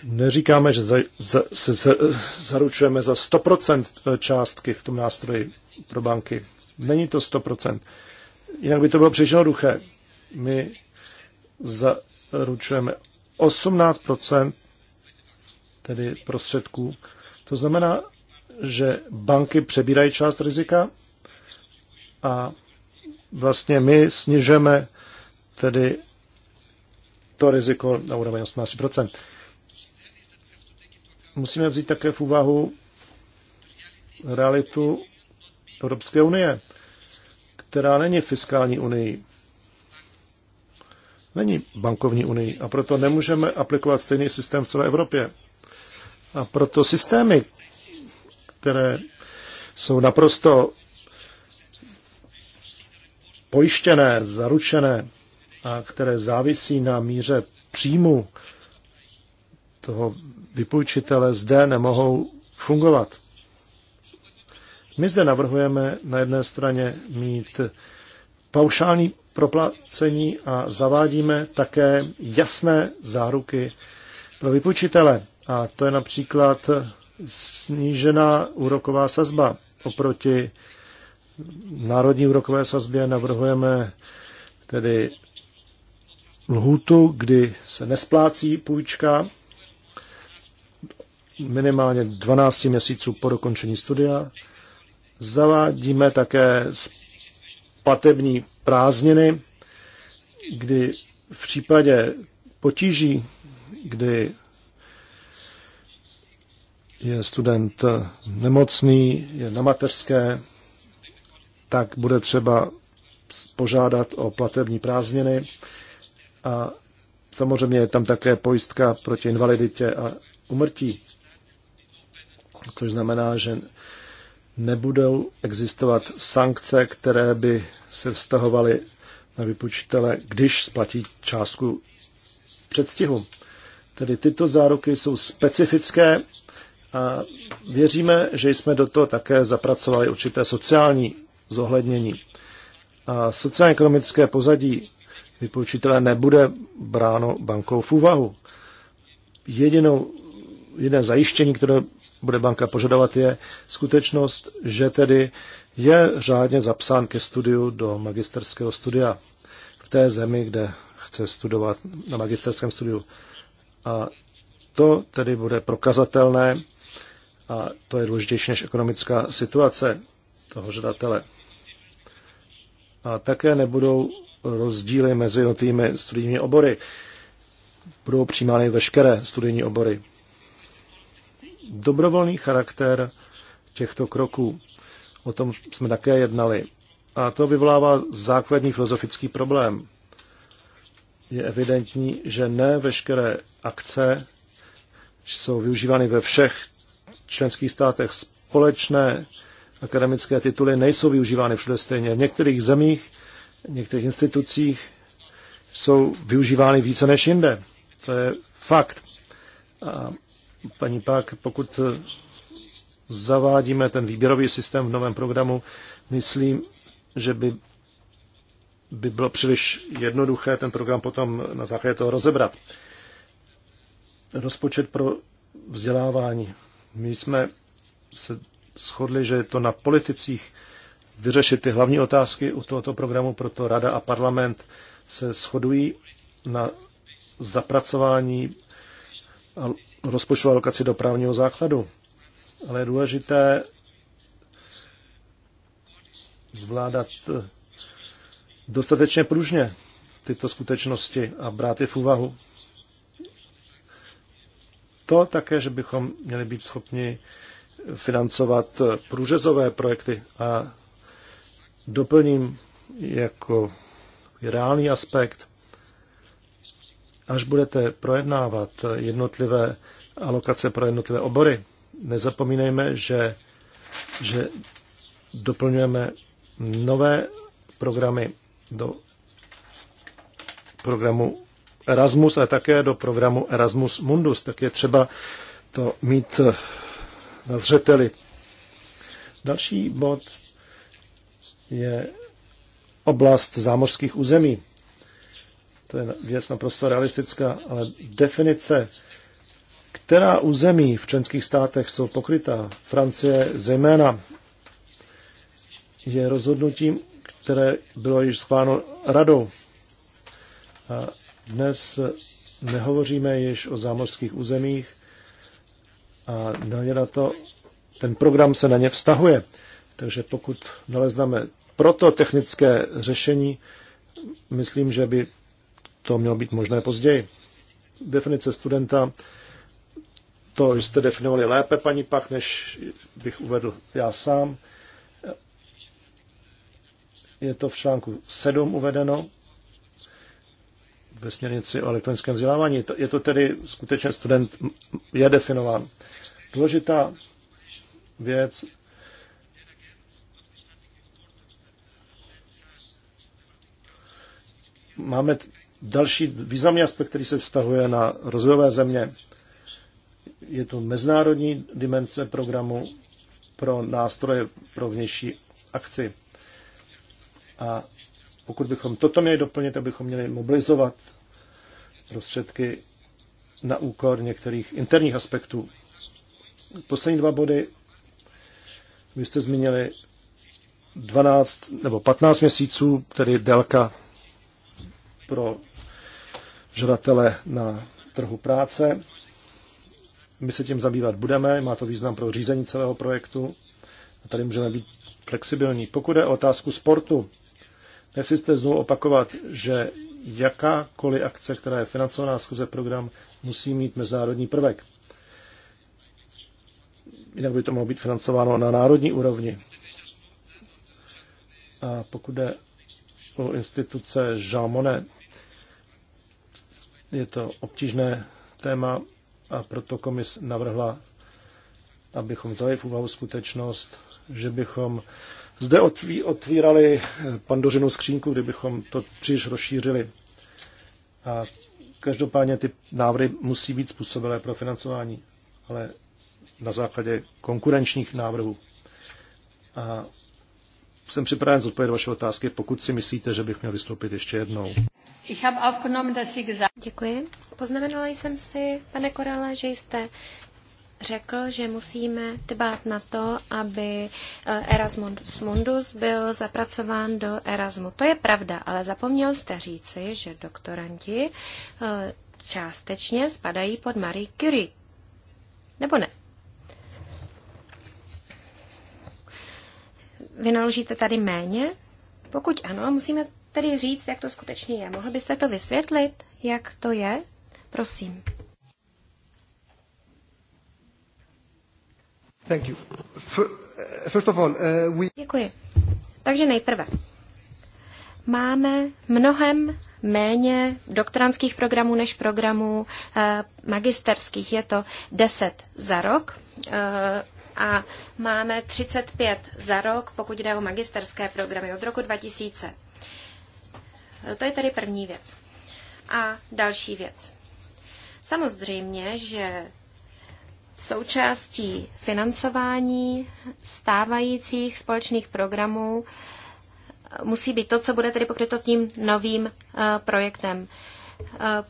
neříkáme, že za, za, se, se, zaručujeme za 100% částky v tom nástroji pro banky. Není to 100%. Jinak by to bylo příliš jednoduché. My za, ručujeme 18 tedy prostředků. To znamená, že banky přebírají část rizika a vlastně my snižujeme tedy to riziko na úroveň 18 Musíme vzít také v úvahu realitu Evropské unie, která není fiskální unii není bankovní unii a proto nemůžeme aplikovat stejný systém v celé Evropě. A proto systémy, které jsou naprosto pojištěné, zaručené a které závisí na míře příjmu toho vypůjčitele, zde nemohou fungovat. My zde navrhujeme na jedné straně mít paušální proplacení a zavádíme také jasné záruky pro vypočitele. A to je například snížená úroková sazba. Oproti národní úrokové sazbě navrhujeme tedy lhůtu, kdy se nesplácí půjčka minimálně 12 měsíců po dokončení studia. Zavádíme také platební prázdniny, kdy v případě potíží, kdy je student nemocný, je na mateřské, tak bude třeba požádat o platební prázdniny a samozřejmě je tam také pojistka proti invaliditě a umrtí, což znamená, že nebudou existovat sankce, které by se vztahovaly na vypočítele, když splatí částku předstihu. Tedy tyto záruky jsou specifické a věříme, že jsme do toho také zapracovali určité sociální zohlednění. A sociálně-ekonomické pozadí vypočítele nebude bráno bankou v úvahu. Jedinou, jediné zajištění, které bude banka požadovat, je skutečnost, že tedy je řádně zapsán ke studiu do magisterského studia v té zemi, kde chce studovat na magisterském studiu. A to tedy bude prokazatelné a to je důležitější než ekonomická situace toho žadatele. A také nebudou rozdíly mezi jednotlivými studijními obory. Budou přijímány veškeré studijní obory dobrovolný charakter těchto kroků. O tom jsme také jednali. A to vyvolává základní filozofický problém. Je evidentní, že ne veškeré akce jsou využívány ve všech členských státech. Společné akademické tituly nejsou využívány všude stejně. V některých zemích, v některých institucích jsou využívány více než jinde. To je fakt. A paní Pak, pokud eh, zavádíme ten výběrový systém v novém programu, myslím, že by, by bylo příliš jednoduché ten program potom na základě toho rozebrat. Rozpočet pro vzdělávání. My jsme se shodli, že je to na politicích vyřešit ty hlavní otázky u tohoto programu, proto Rada a parlament se shodují na zapracování rozpočtovou alokaci do právního základu. Ale je důležité zvládat eh, dostatečně pružně tyto skutečnosti a brát je v úvahu. To také, že bychom měli být schopni financovat eh, průřezové projekty a doplním jako reálný aspekt, až budete projednávat jednotlivé alokace pro jednotlivé obory. Nezapomínejme, že, že doplňujeme nové programy do programu Erasmus, ale také do programu Erasmus Mundus, tak je třeba to mít eh, na zřeteli. Další bod je oblast zámořských území. To je věc naprosto realistická, ale definice která území v členských státech jsou pokrytá. Francie zejména je rozhodnutím, které bylo již schváleno radou. A dnes nehovoříme již o zámořských územích a na to, ten program se na ně vztahuje. Takže pokud nalezneme proto technické řešení, myslím, že by to mělo být možné později. Definice studenta to jste definovali lépe, paní Pak, než bych uvedl já sám. Je to v článku 7 uvedeno ve směrnici o elektronickém vzdělávání. Je to tedy skutečně student je definován. Důležitá věc máme další významný aspekt, který se vztahuje na rozvojové země je tu mezinárodní dimenze programu pro nástroje pro vnější akci. A pokud bychom toto měli doplnit, abychom bychom měli mobilizovat prostředky na úkor některých interních aspektů. Poslední dva body. Vy jste zmínili 12 nebo 15 měsíců, tedy délka pro žadatele na trhu práce. My se tím zabývat budeme, má to význam pro řízení celého projektu a tady můžeme být flexibilní. Pokud je o otázku sportu, nechci jste znovu opakovat, že jakákoliv akce, která je financovaná skrze program, musí mít mezinárodní prvek. Jinak by to mohlo být financováno na národní úrovni. A pokud je o instituce Jean Monnet, je to obtížné téma, a proto komis navrhla, abychom vzali v úvahu skutečnost, že bychom zde otví, otvírali pandořinu skřínku, kdybychom to příliš rozšířili. A každopádně ty návrhy musí být způsobilé pro financování, ale na základě konkurenčních návrhů. A jsem připraven zodpovědět vaše otázky, pokud si myslíte, že bych měl vystoupit ještě jednou. Děkuji. Poznamenala jsem si, pane Korale, že jste řekl, že musíme dbát na to, aby eh, Erasmus Mundus byl zapracován do Erasmu. To je pravda, ale zapomněl jste říci, že doktoranti eh, částečně spadají pod Marie Curie. Nebo ne? vynaložíte tady méně? Pokud ano, musíme tedy říct, jak to skutečně je. Mohl byste to vysvětlit, jak to je? Prosím. Thank you. First of all, uh, we... Děkuji. Takže nejprve. Máme mnohem méně doktorantských programů než programů eh, magisterských. Je to 10 za rok. Eh, a máme 35 za rok, pokud jde o magisterské programy od roku 2000. To je tedy první věc. A další věc. Samozřejmě, že součástí financování stávajících společných programů musí být to, co bude tedy pokryto tím novým eh, projektem. Eh,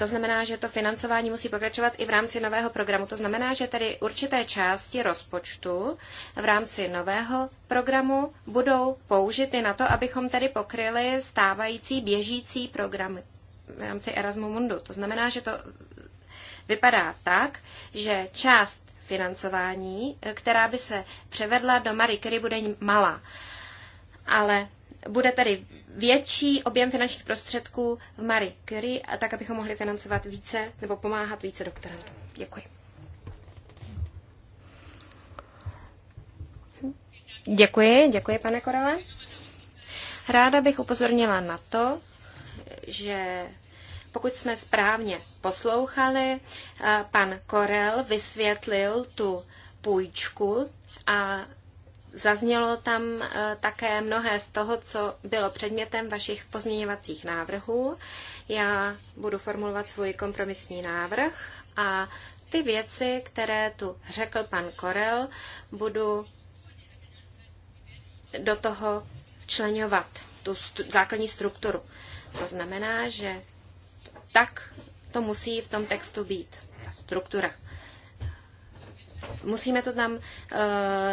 to znamená, že to financování musí pokračovat i v rámci nového programu. To znamená, že tedy určité části rozpočtu v rámci nového programu budou použity na to, abychom tedy pokryli stávající běžící programy v rámci Erasmu Mundu. To znamená, že to vypadá tak, že část financování, která by se převedla do Marie Curie, bude malá. Ale bude tady větší objem finančních prostředků v Marie Curie, a tak, abychom mohli financovat více nebo pomáhat více doktorantům. Děkuji. Děkuji, děkuji, pane Korele. Ráda bych upozornila na to, že pokud jsme správně poslouchali, eh, pan Korel vysvětlil tu půjčku a Zaznělo tam eh, také mnohé z toho, co bylo předmětem vašich pozměňovacích návrhů. Já budu formulovat svůj kompromisní návrh a ty věci, které tu řekl pan Korel, budu do toho včlenovat tu stu, základní strukturu. To znamená, že tak to musí v tom textu být, ta struktura musíme to tam uh,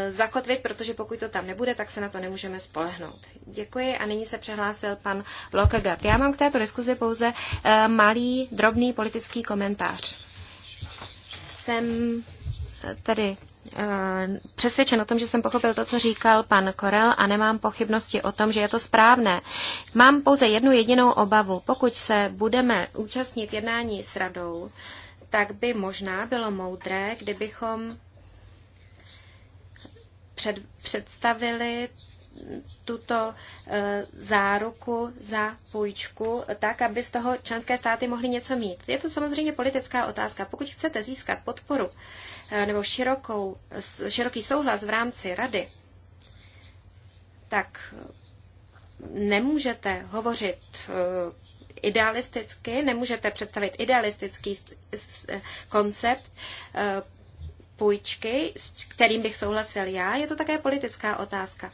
zakotvit, protože pokud to tam nebude, tak se na to nemůžeme spolehnout. Děkuji a nyní se přehlásil pan Lokegaard. Já mám k této diskuzi pouze uh, malý, drobný politický komentář. Jsem eh, tedy přesvědčen o tom, že jsem pochopil to, co říkal pan Korel a nemám pochybnosti o tom, že je to správné. Mám pouze jednu jedinou obavu. Pokud se budeme účastnit jednání s radou, tak by možná bylo moudré, kdybychom před, představili tuto e, záruku za půjčku, tak, aby z toho členské státy mohly něco mít. Je to samozřejmě politická otázka. Pokud chcete získat podporu e, nebo širokou, široký souhlas v rámci rady, tak nemůžete hovořit e, idealisticky, nemůžete představit idealistický koncept eh, půjčky, s kterým bych souhlasil já, je to také politická otázka.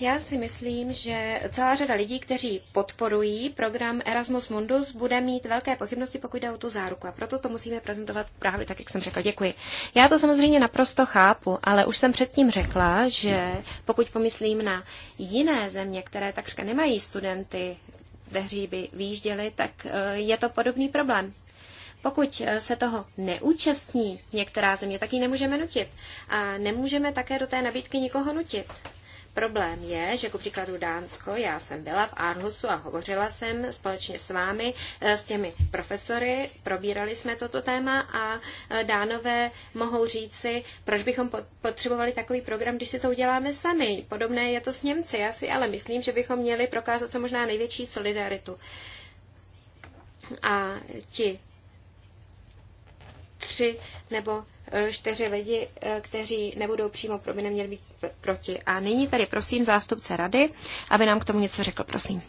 Já si myslím, že celá řada lidí, kteří podporují program Erasmus Mundus, bude mít velké pochybnosti, pokud jde o tu záruku. A proto to musíme prezentovat právě tak, jak jsem řekla. Děkuji. Já to samozřejmě naprosto chápu, ale už jsem předtím řekla, že pokud pomyslím na jiné země, které takřka nemají studenty ze hříby výjížděli, tak eh, je to podobný problém. Pokud eh, se toho neúčastní některá země, tak ji nemůžeme nutit. A nemůžeme také do té nabídky nikoho nutit. Problém je, že ku příkladu Dánsko, já jsem byla v Aarhusu a hovořila jsem společně s vámi, eh, s těmi profesory, probírali jsme toto téma a eh, Dánové mohou říci, proč bychom potřebovali takový program, když si to uděláme sami. Podobné je to s Němci, já si ale myslím, že bychom měli prokázat co možná největší solidaritu. A ti tři nebo čtyři lidi, eh, kteří nebudou přímo pro, by neměli být proti. A nyní tady prosím zástupce rady, aby nám k tomu něco řekl, prosím.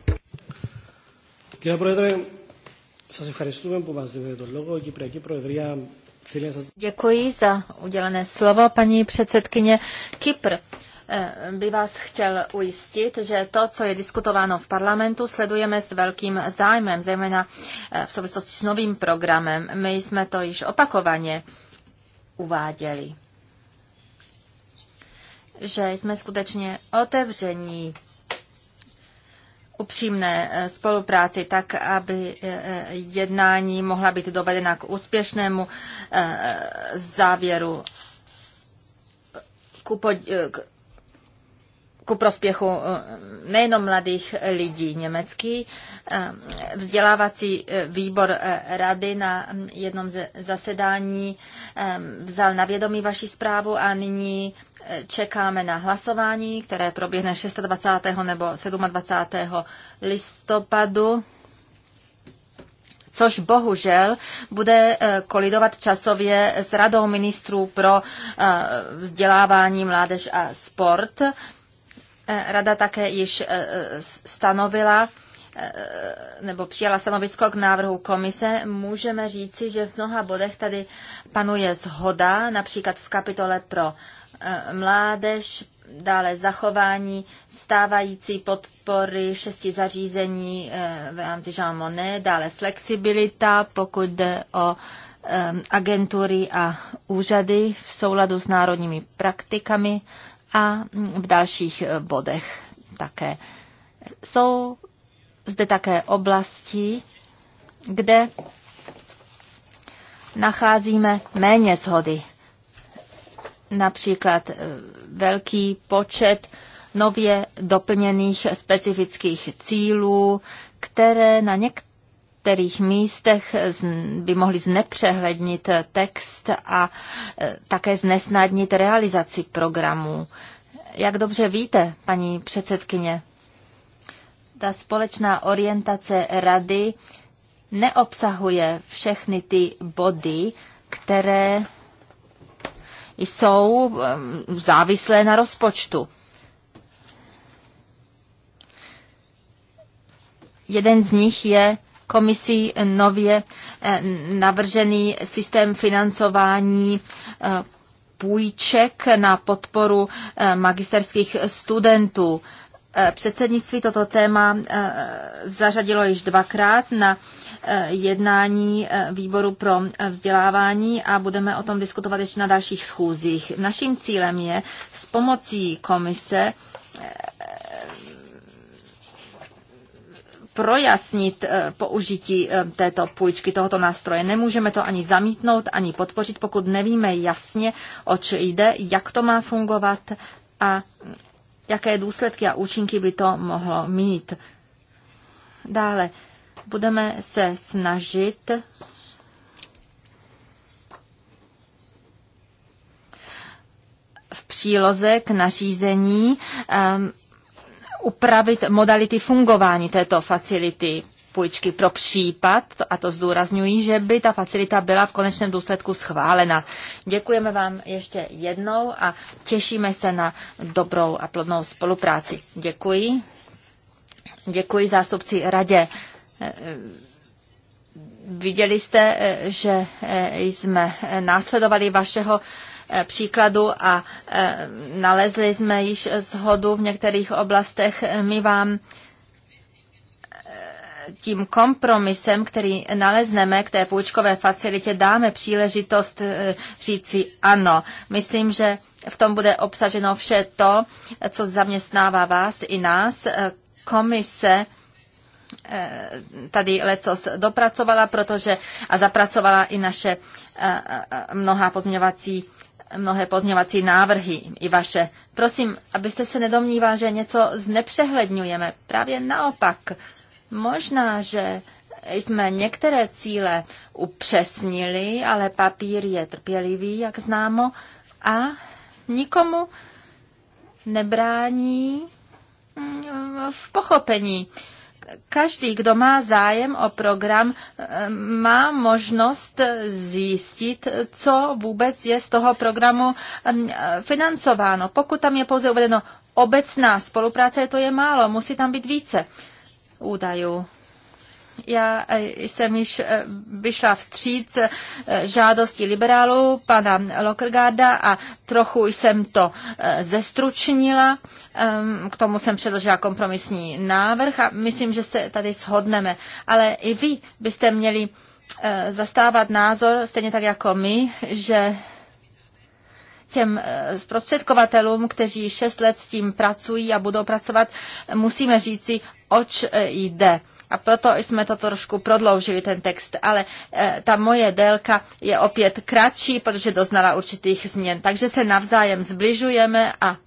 Děkuji za udělené slovo, paní předsedkyně. Kypr eh, by vás chtěl ujistit, že to, co je diskutováno v parlamentu, sledujeme s velkým zájmem, zejména eh, v souvislosti s novým programem. My jsme to již opakovaně uváděli, že jsme skutečně otevření upřímné eh, spolupráci tak, aby eh, eh, jednání mohla být dovedena k úspěšnému závěru, k, ku prospěchu eh, nejenom mladých lidí německý. Eh, vzdělávací eh, výbor rady na mm, jednom zasedání vzal na vědomí vaši zprávu a nyní čekáme na hlasování, které proběhne 26. nebo 27. listopadu což bohužel bude kolidovat časově s Radou ministrů pro vzdělávání mládež a sport, Eh, rada také již eh, eh, stanovila nebo přijala stanovisko k návrhu komise, můžeme říci, že v mnoha bodech tady panuje zhoda, například v kapitole pro mládež, dále zachování stávající podpory šesti zařízení v rámci Jean Monnet, dále flexibilita, pokud jde o agentury a úřady v souladu s národními praktikami, a v dalších eh, bodech také. Jsou zde také oblasti, kde nacházíme méně shody. Například eh, velký počet nově doplněných specifických cílů, které na některé některých místech by mohly znepřehlednit text a e, také znesnadnit realizaci programů. Jak dobře víte, paní předsedkyně, ta společná orientace rady neobsahuje všechny ty body, které jsou e, závislé na rozpočtu. Jeden z nich je komisí nově eh, navržený systém financování eh, půjček na podporu eh, magisterských studentů. Předsednictví toto téma zařadilo již dvakrát na jednání výboru pro vzdělávání a budeme o tom diskutovat ještě na dalších schůzích. Naším cílem je s pomocí komise projasnit eh, použití eh, této půjčky, tohoto nástroje. Nemůžeme to ani zamítnout, ani podpořit, pokud nevíme jasně, o co jde, jak to má fungovat a jaké důsledky a účinky by to mohlo mít. Dále budeme se snažit v příloze k nařízení um, upravit modality fungování této facility půjčky pro případ, a to zdůrazňují, že by ta facilita byla v konečném důsledku schválena. Děkujeme vám ještě jednou a těšíme se na dobrou a plodnou spolupráci. Děkuji. Děkuji zástupci radě. Eh, eh, viděli jste, eh, že jsme následovali vašeho Eh, příkladu a eh, nalezli jsme již zhodu v některých oblastech. My vám eh, tím kompromisem, který nalezneme k té půjčkové facilitě, dáme příležitost říci ano. Myslím, že v tom bude obsaženo vše to, co zaměstnává vás i nás. Komise tady lecos dopracovala, protože a zapracovala i naše mnoha pozměňovací mnohé pozměňovací návrhy i vaše. Prosím, abyste se nedomníval, že něco znepřehledňujeme. Právě naopak. Možná, že jsme některé cíle upřesnili, ale papír je trpělivý, jak známo, a nikomu nebrání mm, v pochopení každý, kdo má zájem o program, eh, má možnost zjistit, co vůbec je z toho programu eh, financováno. Pokud tam je pouze uvedeno obecná spolupráce, to je málo, musí tam být více údajů. Já eh, jsem již eh, vyšla vstříc eh, žádosti liberálů pana Lockergarda a trochu jsem to zestručnila. Ehm, k tomu jsem předložila kompromisní návrh a myslím, že se tady shodneme. Ale i vy byste měli zastávat názor, stejně tak jako my, že těm zprostředkovatelům, kteří šest let s tím pracují a budou pracovat, musíme říci, oč jde. A proto jsme to trošku prodloužili, ten text. Ale eh, ta moje délka je opět kratší, protože doznala určitých změn. Takže se navzájem zbližujeme a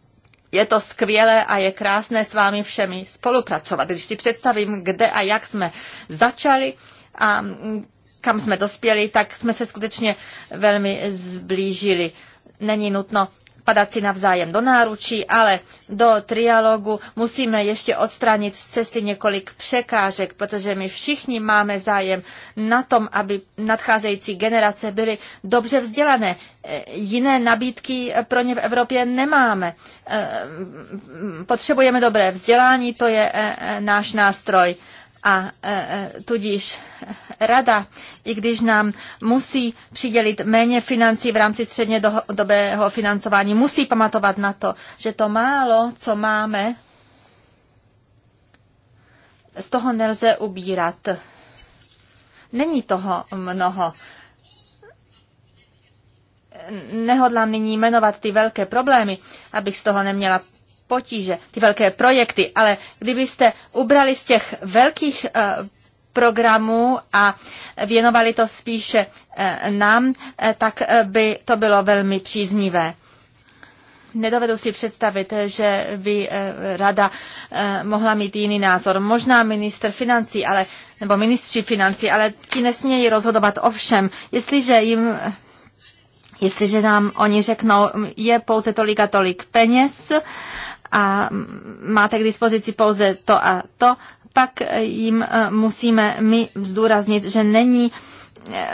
je to skvělé a je krásné s vámi všemi spolupracovat. Když si představím, kde a jak jsme začali a kam jsme dospěli, tak jsme se skutečně velmi zblížili. Není nutno padat si navzájem do náručí, ale do trialogu musíme ještě odstranit z cesty několik překážek, protože my všichni máme zájem na tom, aby nadcházející generace byly dobře vzdělané. E, jiné nabídky pro ně v Evropě nemáme. E, potřebujeme dobré vzdělání, to je e, náš nástroj. A e, e, tudíž rada, i když nám musí přidělit méně financí v rámci středně dobého financování, musí pamatovat na to, že to málo, co máme, z toho nelze ubírat. Není toho mnoho. Nehodlám nyní jmenovat ty velké problémy, abych z toho neměla potíže, ty velké projekty, ale kdybyste ubrali z těch velkých eh, programů a věnovali to spíše eh, nám, eh, tak by to bylo velmi příznivé. Nedovedu si představit, že by rada mohla mít jiný názor. Možná minister financí, ale, nebo ministři financí, ale ti nesmějí rozhodovat o všem. Jestliže jim Jestliže nám oni řeknou, je pouze tolik a tolik peněz a máte k dispozici pouze to a to, pak jim eh, musíme my zdůraznit, že není eh,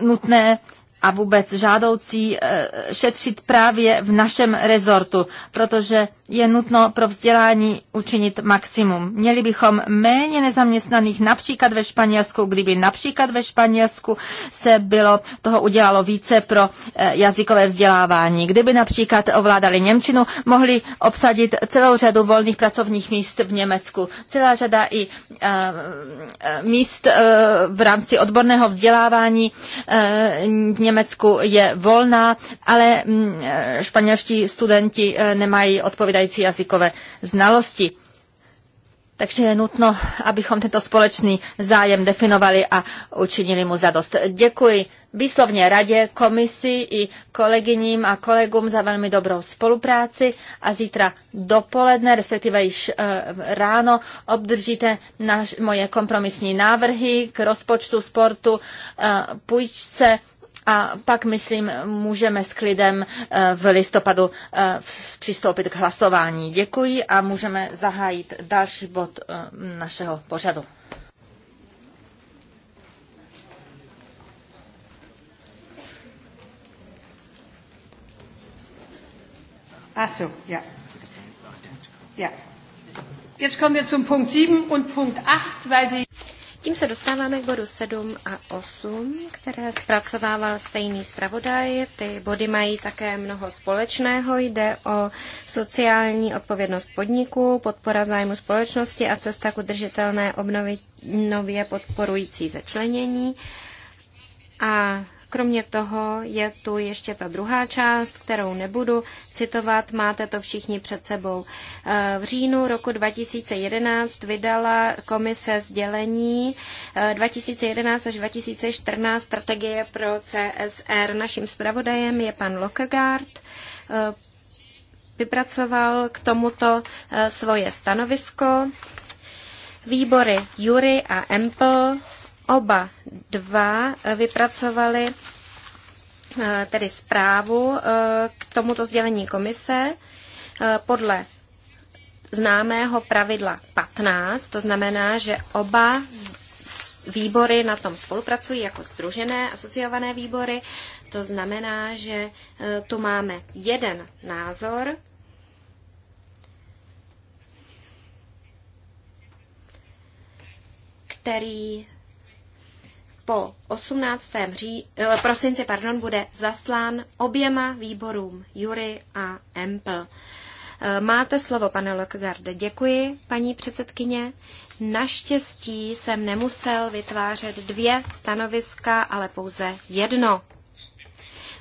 nutné a vůbec žádoucí eh, šetřit právě v našem rezortu, protože je nutno pro vzdělání učinit maximum. Měli bychom méně nezaměstnaných například ve Španělsku, kdyby například ve Španělsku se bylo, toho udělalo více pro eh, jazykové vzdělávání. Kdyby například ovládali Němčinu, mohli obsadit celou řadu volných pracovních míst v Německu. Celá řada i eh, míst v rámci odborného vzdělávání Německu je volná, ale mm, eh, španělští studenti eh, nemají odpovídající jazykové znalosti. Takže je nutno, abychom tento společný zájem definovali a učinili mu zadost. Děkuji výslovně radě, komisi i kolegyním a kolegům za velmi dobrou spolupráci a zítra dopoledne, respektive již eh, ráno, obdržíte naš, moje kompromisní návrhy k rozpočtu sportu, půjčce a pak, myslím, můžeme s klidem eh, v listopadu eh, přistoupit k hlasování. Děkuji a můžeme zahájit další bod eh, našeho pořadu. Ach ja. Ja. Jetzt kommen wir zum Punkt 7 und Punkt 8, weil Sie tím se dostáváme k bodu 7 a 8, které zpracovával stejný zpravodaj. Ty body mají také mnoho společného. Jde o sociální odpovědnost podniků, podpora zájmu společnosti a cesta k udržitelné obnově podporující začlenění. A Kromě toho je tu ještě ta druhá část, kterou nebudu citovat, máte to všichni před sebou. Eh, v říjnu roku 2011 vydala komise sdělení 2011 eh, až 2014 strategie pro CSR. Naším zpravodajem je pan Lockergaard eh, vypracoval k tomuto svoje stanovisko. Výbory Jury a Empl Oba dva vypracovali eh, tedy zprávu eh, k tomuto sdělení komise eh, podle známého pravidla 15, to znamená, že oba výbory na tom spolupracují jako združené asociované výbory, to znamená, že tu máme jeden názor, který po 18. Ří, eh, prosinci pardon, bude zaslán oběma výborům Jury a Empl. Eh, máte slovo, pane Lockgarde. Děkuji, paní předsedkyně. Naštěstí jsem nemusel vytvářet dvě stanoviska, ale pouze jedno.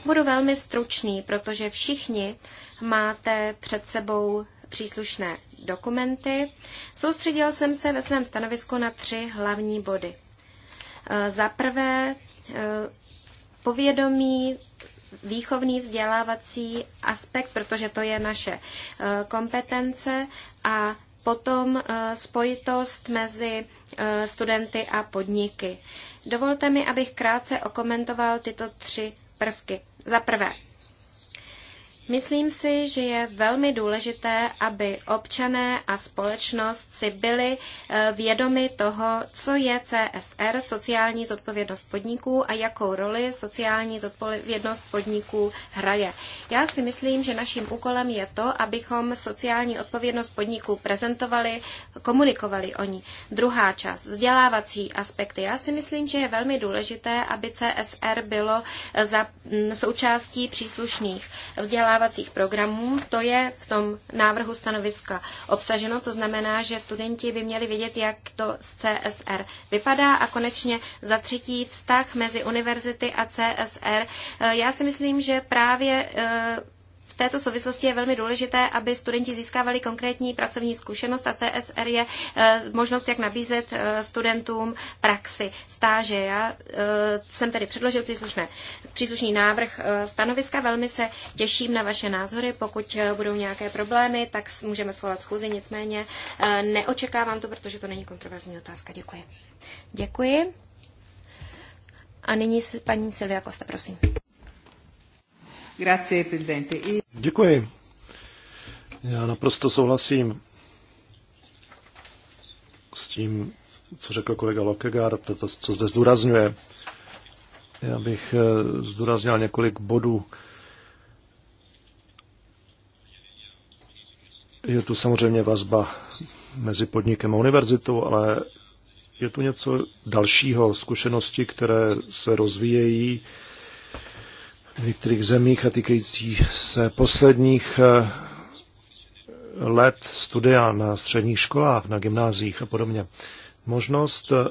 Budu velmi stručný, protože všichni máte před sebou příslušné dokumenty. Soustředil jsem se ve svém stanovisku na tři hlavní body. Za prvé eh, povědomí výchovný vzdělávací aspekt, protože to je naše eh, kompetence a potom eh, spojitost mezi studenty a podniky. Dovolte mi, abych krátce okomentoval tyto tři prvky. Za prvé, Myslím si, že je velmi důležité, aby občané a společnost si byli eh, vědomi toho, co je CSR, sociální zodpovědnost podniků a jakou roli sociální zodpovědnost podniků hraje. Já si myslím, že naším úkolem je to, abychom sociální odpovědnost podniků prezentovali, komunikovali o ní. Druhá část, vzdělávací aspekty. Já si myslím, že je velmi důležité, aby CSR bylo eh, za součástí příslušných vzdělávací vzdělávacích programů. To je v tom návrhu stanoviska obsaženo, to znamená, že studenti by měli vědět, jak to z CSR vypadá. A konečně za třetí vztah mezi univerzity a CSR. Eh, já si myslím, že právě eh, této souvislosti je velmi důležité, aby studenti získávali konkrétní pracovní zkušenost a CSR je eh, možnost, jak nabízet eh, studentům praxi, stáže. Já eh, jsem tedy předložil příslušné, příslušný návrh stanoviska. Velmi se těším na vaše názory. Pokud budou nějaké problémy, tak můžeme svolat schůzi. Nicméně neočekávám to, protože to není kontroverzní otázka. Děkuji. Děkuji. A nyní paní Silvia Kosta, prosím. Děkuji. Já naprosto souhlasím s tím, co řekl kolega Lokegaard, to, to, co zde zdůrazňuje. Já bych eh, zdůraznil několik bodů. Je tu samozřejmě vazba mezi podnikem a univerzitou, ale je tu něco dalšího, zkušenosti, které se rozvíjejí v některých zemích a týkající se posledních eh, let studia na středních školách, na gymnázích a podobně. Možnost eh,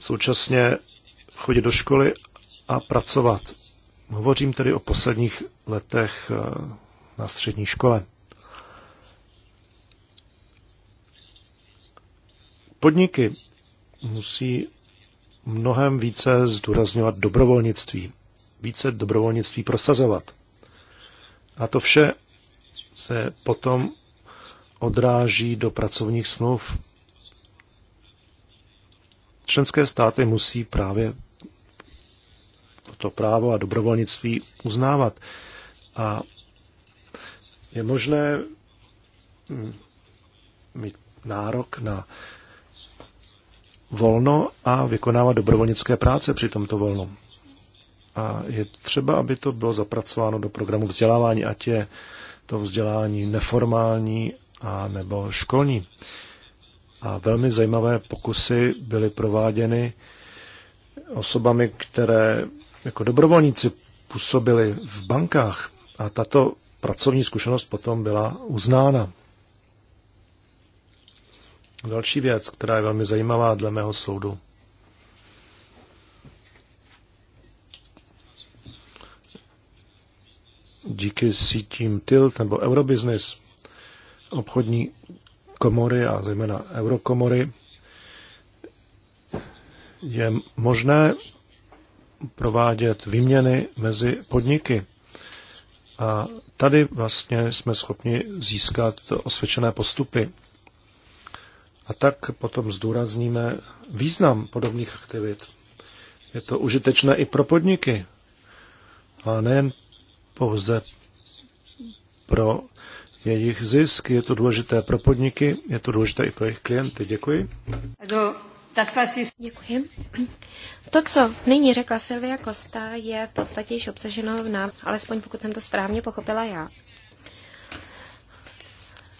současně chodit do školy a pracovat. Hovořím tedy o posledních letech eh, na střední škole. Podniky musí mnohem více zdůrazňovat dobrovolnictví více dobrovolnictví prosazovat. A to vše se potom odráží do pracovních smluv. Členské státy musí právě toto právo a dobrovolnictví uznávat. A je možné hm, mít nárok na volno a vykonávat dobrovolnické práce při tomto volnu. A je třeba, aby to bylo zapracováno do programu vzdělávání, ať je to vzdělání neformální a nebo školní. A velmi zajímavé pokusy byly prováděny osobami, které jako dobrovolníci působili v bankách a tato pracovní zkušenost potom byla uznána. Další věc, která je velmi zajímavá dle mého soudu, díky sítím TILT nebo Eurobusiness, obchodní komory a zejména eurokomory, je možné provádět výměny mezi podniky. A tady vlastně jsme schopni získat osvědčené postupy. A tak potom zdůrazníme význam podobných aktivit. Je to užitečné i pro podniky, a nejen pouze pro jejich zisk, je to důležité pro podniky, je to důležité i pro jejich klienty. Děkuji. Děkuji. To, co nyní řekla Silvia Kosta, je v podstatě již obsaženo v nám, alespoň pokud jsem to správně pochopila já.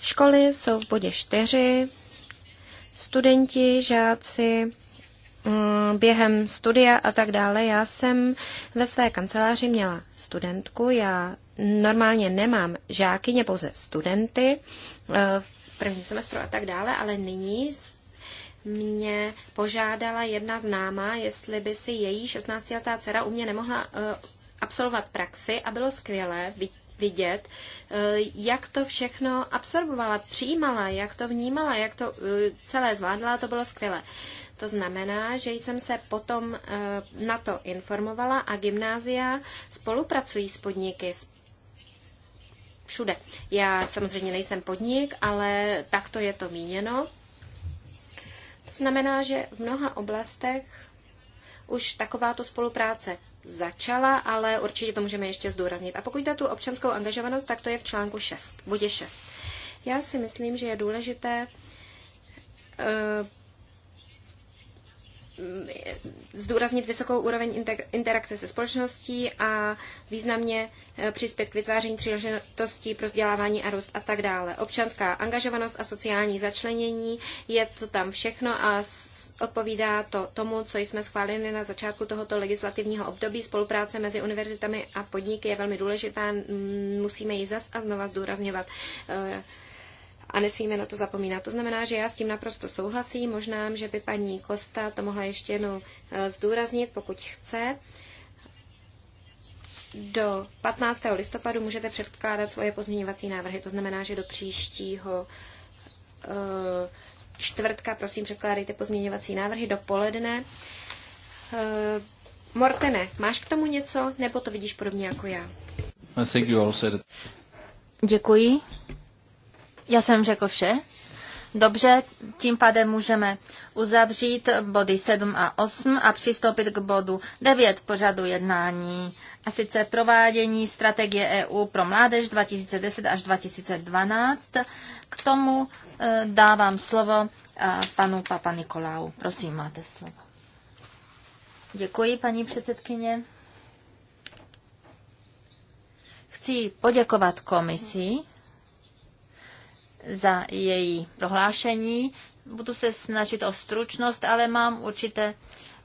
Školy jsou v bodě 4, studenti, žáci, Mm, během studia a tak dále. Já jsem ve své kanceláři měla studentku, já normálně nemám žákyně, pouze studenty eh, v prvním semestru a tak dále, ale nyní mě požádala jedna známá, jestli by si její 16-letá dcera u mě nemohla eh, absolvovat praxi a bylo skvělé vidět, eh, jak to všechno absorbovala, přijímala, jak to vnímala, jak to celé zvládla, to bylo skvělé. To znamená, že jsem se potom eh, na to informovala a gymnázia spolupracují s podniky, všude. Já samozřejmě nejsem podnik, ale takto je to míněno. To znamená, že v mnoha oblastech už takováto spolupráce začala, ale určitě to můžeme ještě zdůraznit. A pokud jde tu občanskou angažovanost, tak to je v článku 6, bodě 6. Já si myslím, že je důležité eh, zdůraznit vysokou úroveň interakce se společností a významně eh, přispět k vytváření příležitostí pro vzdělávání a růst a tak dále. Občanská angažovanost a sociální začlenění, je to tam všechno a odpovídá to tomu, co jsme schválili na začátku tohoto legislativního období. Spolupráce mezi univerzitami a podniky je velmi důležitá, musíme ji zas a znova zdůrazňovat. Eh, a nesmíme na to zapomínat. To znamená, že já s tím naprosto souhlasím. Možná, že by paní Kosta to mohla ještě jednou eh, zdůraznit, pokud chce. Do 15. listopadu můžete předkládat svoje pozměňovací návrhy, to znamená, že do příštího eh, čtvrtka, prosím, předkládejte pozměňovací návrhy do poledne. Eh, Mortene, máš k tomu něco, nebo to vidíš podobně jako já? Děkuji. Já jsem řekl vše. Dobře, tím pádem můžeme uzavřít body 7 a 8 a přistoupit k bodu 9 pořadu jednání, a sice provádění strategie EU pro mládež 2010 až 2012. K tomu eh, dávám slovo eh, panu Papa Nikolau. Prosím, máte slovo. Děkuji, paní předsedkyně. Chci poděkovat komisi za její prohlášení. Budu se snažit o stručnost, ale mám určité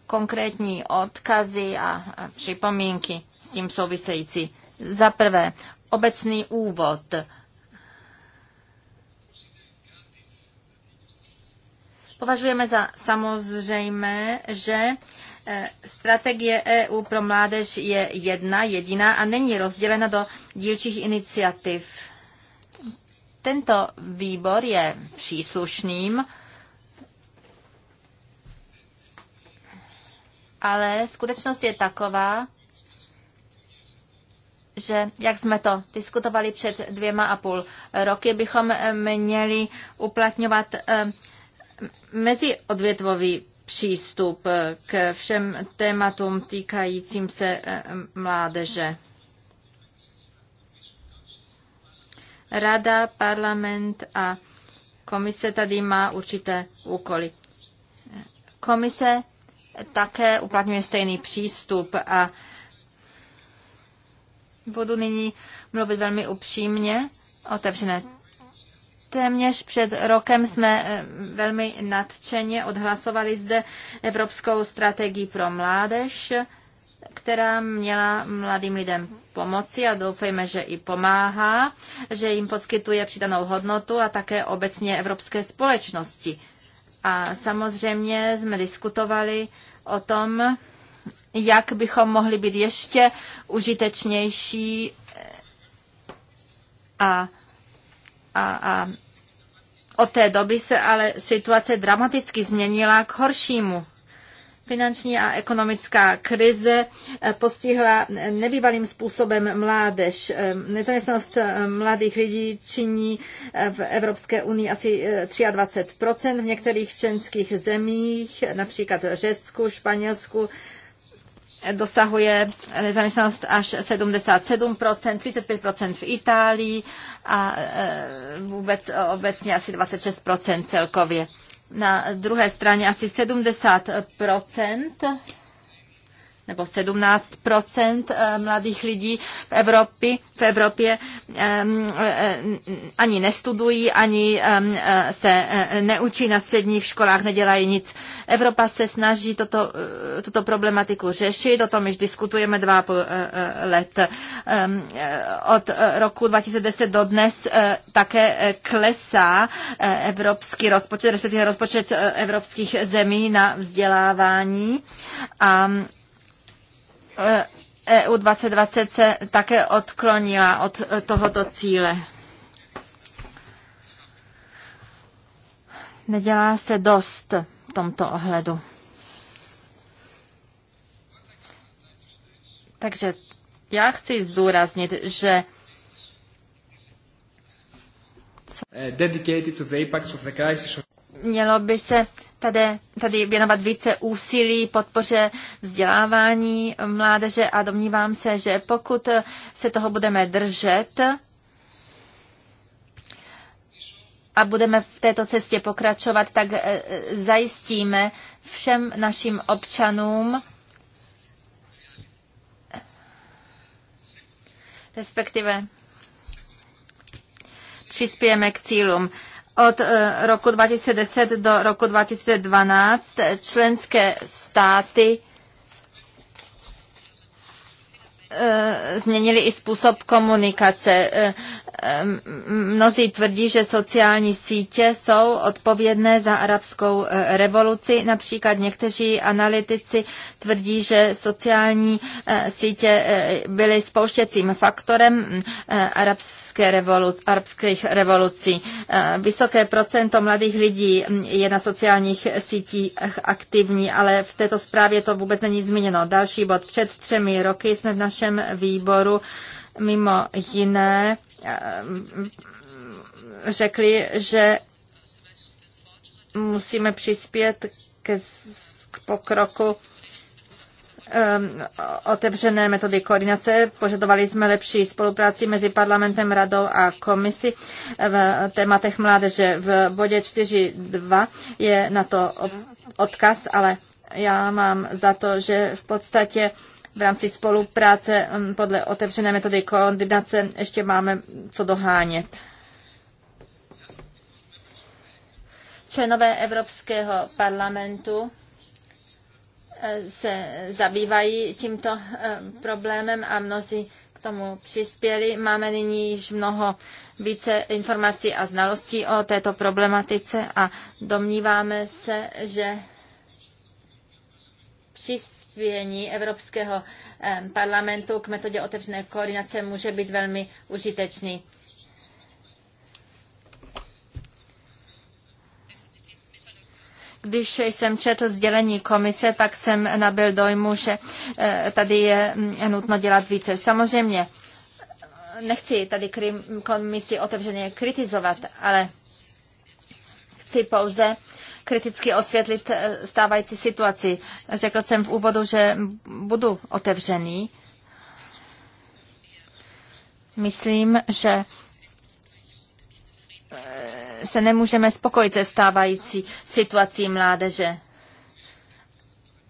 konkrétní odkazy a připomínky s tím související. Za prvé, obecný úvod. Považujeme za samozřejmé, že e, strategie EU pro mládež je jedna, jediná a není rozdělena do dílčích iniciativ tento výbor je příslušným, ale skutečnost je taková, že, jak jsme to diskutovali před dvěma a půl roky, bychom měli uplatňovat eh, meziodvětvový přístup k všem tématům týkajícím se eh, mládeže. Rada, parlament a komise tady má určité úkoly. Komise také uplatňuje stejný přístup a budu nyní mluvit velmi upřímně, otevřené. Téměř před rokem jsme eh, velmi nadšeně odhlasovali zde Evropskou strategii pro mládež, která měla mladým lidem pomoci a doufejme, že i pomáhá, že jim poskytuje přidanou hodnotu a také obecně evropské společnosti. A samozřejmě jsme diskutovali o tom, jak bychom mohli být ještě užitečnější a, a, a od té doby se ale situace dramaticky změnila k horšímu. Finanční a ekonomická krize eh, postihla eh, nebývalým způsobem mládež. Eh, nezaměstnanost mladých lidí činí v Evropské unii asi 23 v některých členských zemích, například Řecku, Španělsku, dosahuje nezaměstnanost až 77%, 35% v Itálii a vůbec obecně asi 26% celkově na druhé straně asi 70 nebo 17 eh, mladých lidí v Evropě, v Evropě ehm, eh, ani nestudují, ani ehm, eh, se neučí na středních školách, nedělají nic. Evropa se snaží toto, tuto problematiku řešit, o tom již diskutujeme dva let. Ehm, od roku 2010 do dnes také klesá evropský rozpočet, respektive rozpočet evropských zemí na vzdělávání a EU eh, e 2020 se také odklonila od eh, tohoto cíle. Nedělá se dost v tomto ohledu. Takže já chci zdůraznit, že eh, mělo by se tady, tady věnovat více úsilí podpoře vzdělávání mládeže a domnívám se, že pokud se toho budeme držet a budeme v této cestě pokračovat, tak eh, zajistíme všem našim občanům, respektive přispějeme k cílům. Od eh, roku 2010 do roku 2012 členské státy Eh, změnili i způsob komunikace. Eh, eh, mnozí tvrdí, že sociální sítě jsou odpovědné za arabskou revoluci. Například někteří analytici tvrdí, že sociální sítě byly spouštěcím faktorem arabské revoluc, arabských revolucí. Vysoké procento mladých lidí mm, je na sociálních sítích aktivní, ale v této zprávě to vůbec není zmíněno. Další bod. Před třemi roky jsme v naší našem výboru mimo jiné eh, řekli, že musíme přispět k, k pokroku eh, otevřené metody koordinace. Požadovali jsme lepší spolupráci mezi parlamentem, radou a komisi v tématech mládeže. V bodě 4.2 je na to odkaz, ale já mám za to, že v podstatě v rámci spolupráce mm, podle otevřené metody koordinace ještě máme co dohánět. Členové Evropského parlamentu eh, se zabývají tímto eh, problémem a mnozí k tomu přispěli. Máme nyní již mnoho více informací a znalostí o této problematice a domníváme se, že přispěli přispění Evropského parlamentu k metodě otevřené koordinace může být velmi užitečný. Když jsem četl sdělení komise, tak jsem nabil dojmu, že eh, tady je mm, nutno dělat více. Samozřejmě nechci tady komisi otevřeně kritizovat, ale chci pouze kriticky osvětlit eh, stávající situaci. Řekl jsem v úvodu, že budu otevřený. Myslím, že eh, se nemůžeme spokojit se stávající situací mládeže.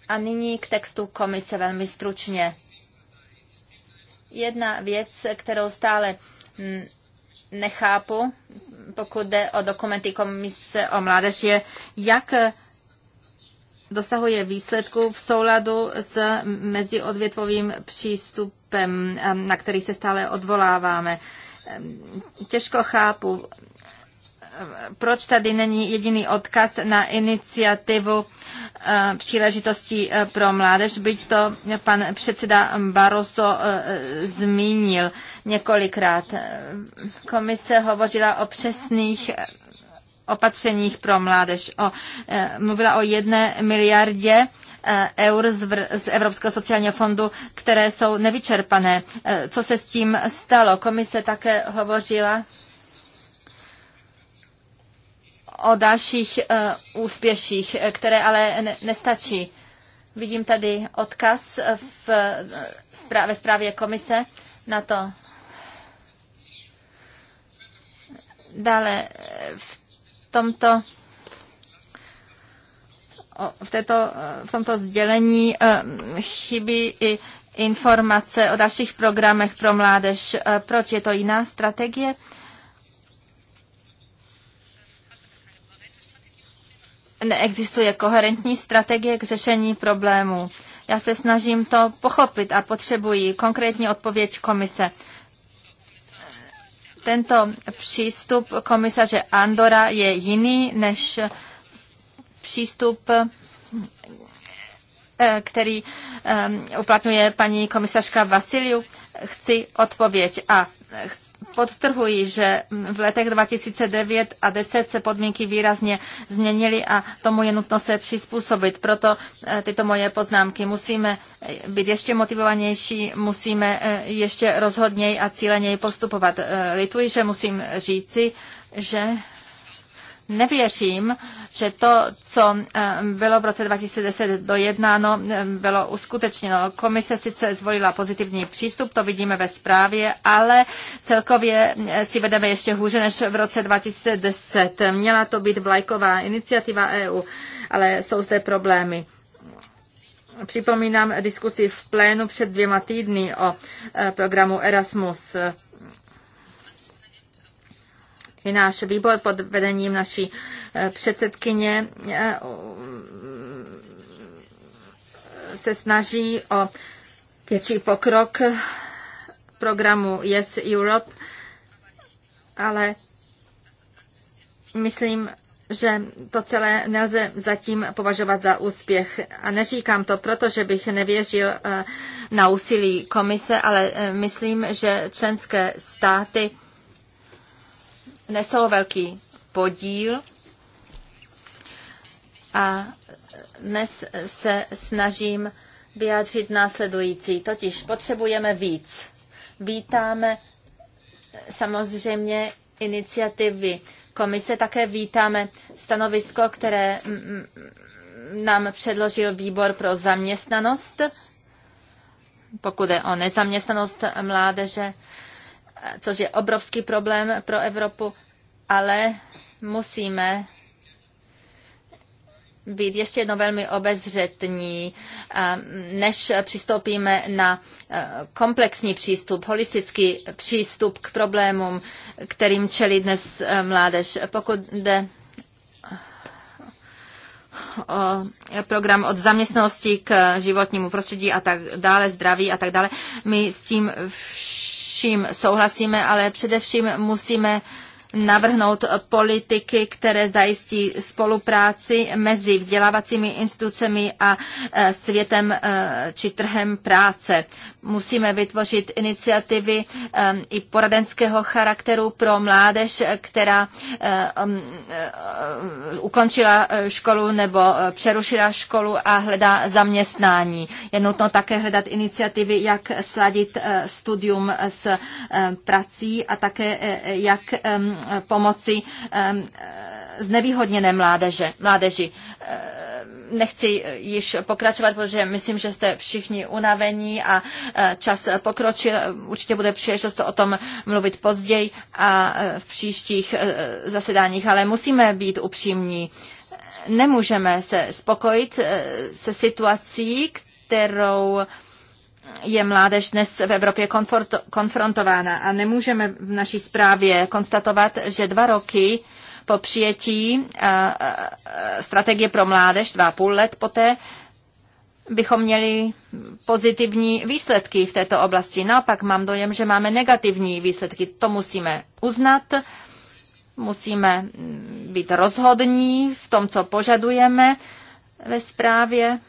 A nyní k textu komise velmi stručně. Jedna věc, kterou stále hm, nechápu, pokud jde o dokumenty komise o mládeži, je, jak dosahuje výsledků v souladu s meziodvětvovým přístupem, na který se stále odvoláváme. Těžko chápu, proč tady není jediný odkaz na iniciativu eh, příležitostí eh, pro mládež, byť to pan předseda Barroso eh, zmínil několikrát. Komise hovořila o přesných opatřeních pro mládež. O, mluvila o jedné miliardě eur z, vr, z Evropského sociálního fondu, které jsou nevyčerpané. Co se s tím stalo? Komise také hovořila o dalších eh, úspěších, eh, které ale nestačí. Vidím tady odkaz eh, v, ve zprávě komise na to. Dále v tomto v, této, v tomto sdělení chybí i informace o dalších programech pro mládež. Proč je to jiná strategie? neexistuje koherentní strategie k řešení problémů. Já se snažím to pochopit a potřebuji konkrétní odpověď komise. Tento přístup komisaře Andora je jiný než přístup, eh, který eh, uplatňuje paní komisařka Vasiliu. Chci odpověď a chci podtrhuji, že v letech 2009 a 10 se podmínky výrazně změnily a tomu je nutno se přizpůsobit. Proto eh, tyto moje poznámky. Musíme eh, být ještě motivovanější, musíme eh, ještě rozhodněji a cíleněji postupovat. Lituji, že musím říci, že nevěřím, že to, co eh, bylo v roce 2010 dojednáno, eh, bylo uskutečněno. Komise sice zvolila pozitivní přístup, to vidíme ve zprávě, ale celkově eh, si vedeme ještě hůře než v roce 2010. Měla to být vlajková iniciativa EU, ale jsou zde problémy. Připomínám diskusi v plénu před dvěma týdny o programu Erasmus i náš výbor pod vedením naší eh, předsedkyně eh, se snaží o větší pokrok programu Yes Europe, ale myslím, že to celé nelze zatím považovat za úspěch. A neříkám to proto, že bych nevěřil eh, na úsilí komise, ale myslím, že členské státy nesou velký podíl a dnes se snažím vyjádřit následující. Totiž potřebujeme víc. Vítáme samozřejmě iniciativy komise, také vítáme stanovisko, které nám předložil výbor pro zaměstnanost, pokud je o nezaměstnanost mládeže což je obrovský problém pro Evropu, ale musíme být ještě jednou velmi obezřetní, než přistoupíme na komplexní přístup, holistický přístup k problémům, kterým čelí dnes mládež. Pokud jde o program od zaměstnanosti k životnímu prostředí a tak dále, zdraví a tak dále, my s tím vš- vším souhlasíme, ale především musíme navrhnout politiky, které zajistí spolupráci mezi vzdělávacími institucemi a e, světem e, či trhem práce. Musíme vytvořit iniciativy e, i poradenského charakteru pro mládež, která ukončila školu nebo přerušila školu a hledá zaměstnání. Je nutno také hledat iniciativy, jak sladit studium s prací a také jak pomoci eh, znevýhodněné mládeže, mládeži. Eh, nechci již pokračovat, protože myslím, že jste všichni unavení a eh, čas pokročil. Určitě bude příležitost o tom mluvit později a v příštích zasedáních, ale musíme být upřímní. Nemůžeme se spokojit se situací, kterou je mládež dnes v Evropě konfrontována a nemůžeme v naší zprávě konstatovat, že dva roky po přijetí strategie pro mládež, dva půl let poté, bychom měli pozitivní výsledky v této oblasti. Naopak mám dojem, že máme negativní výsledky. To musíme uznat, musíme mm, být rozhodní v tom, co požadujeme ve zprávě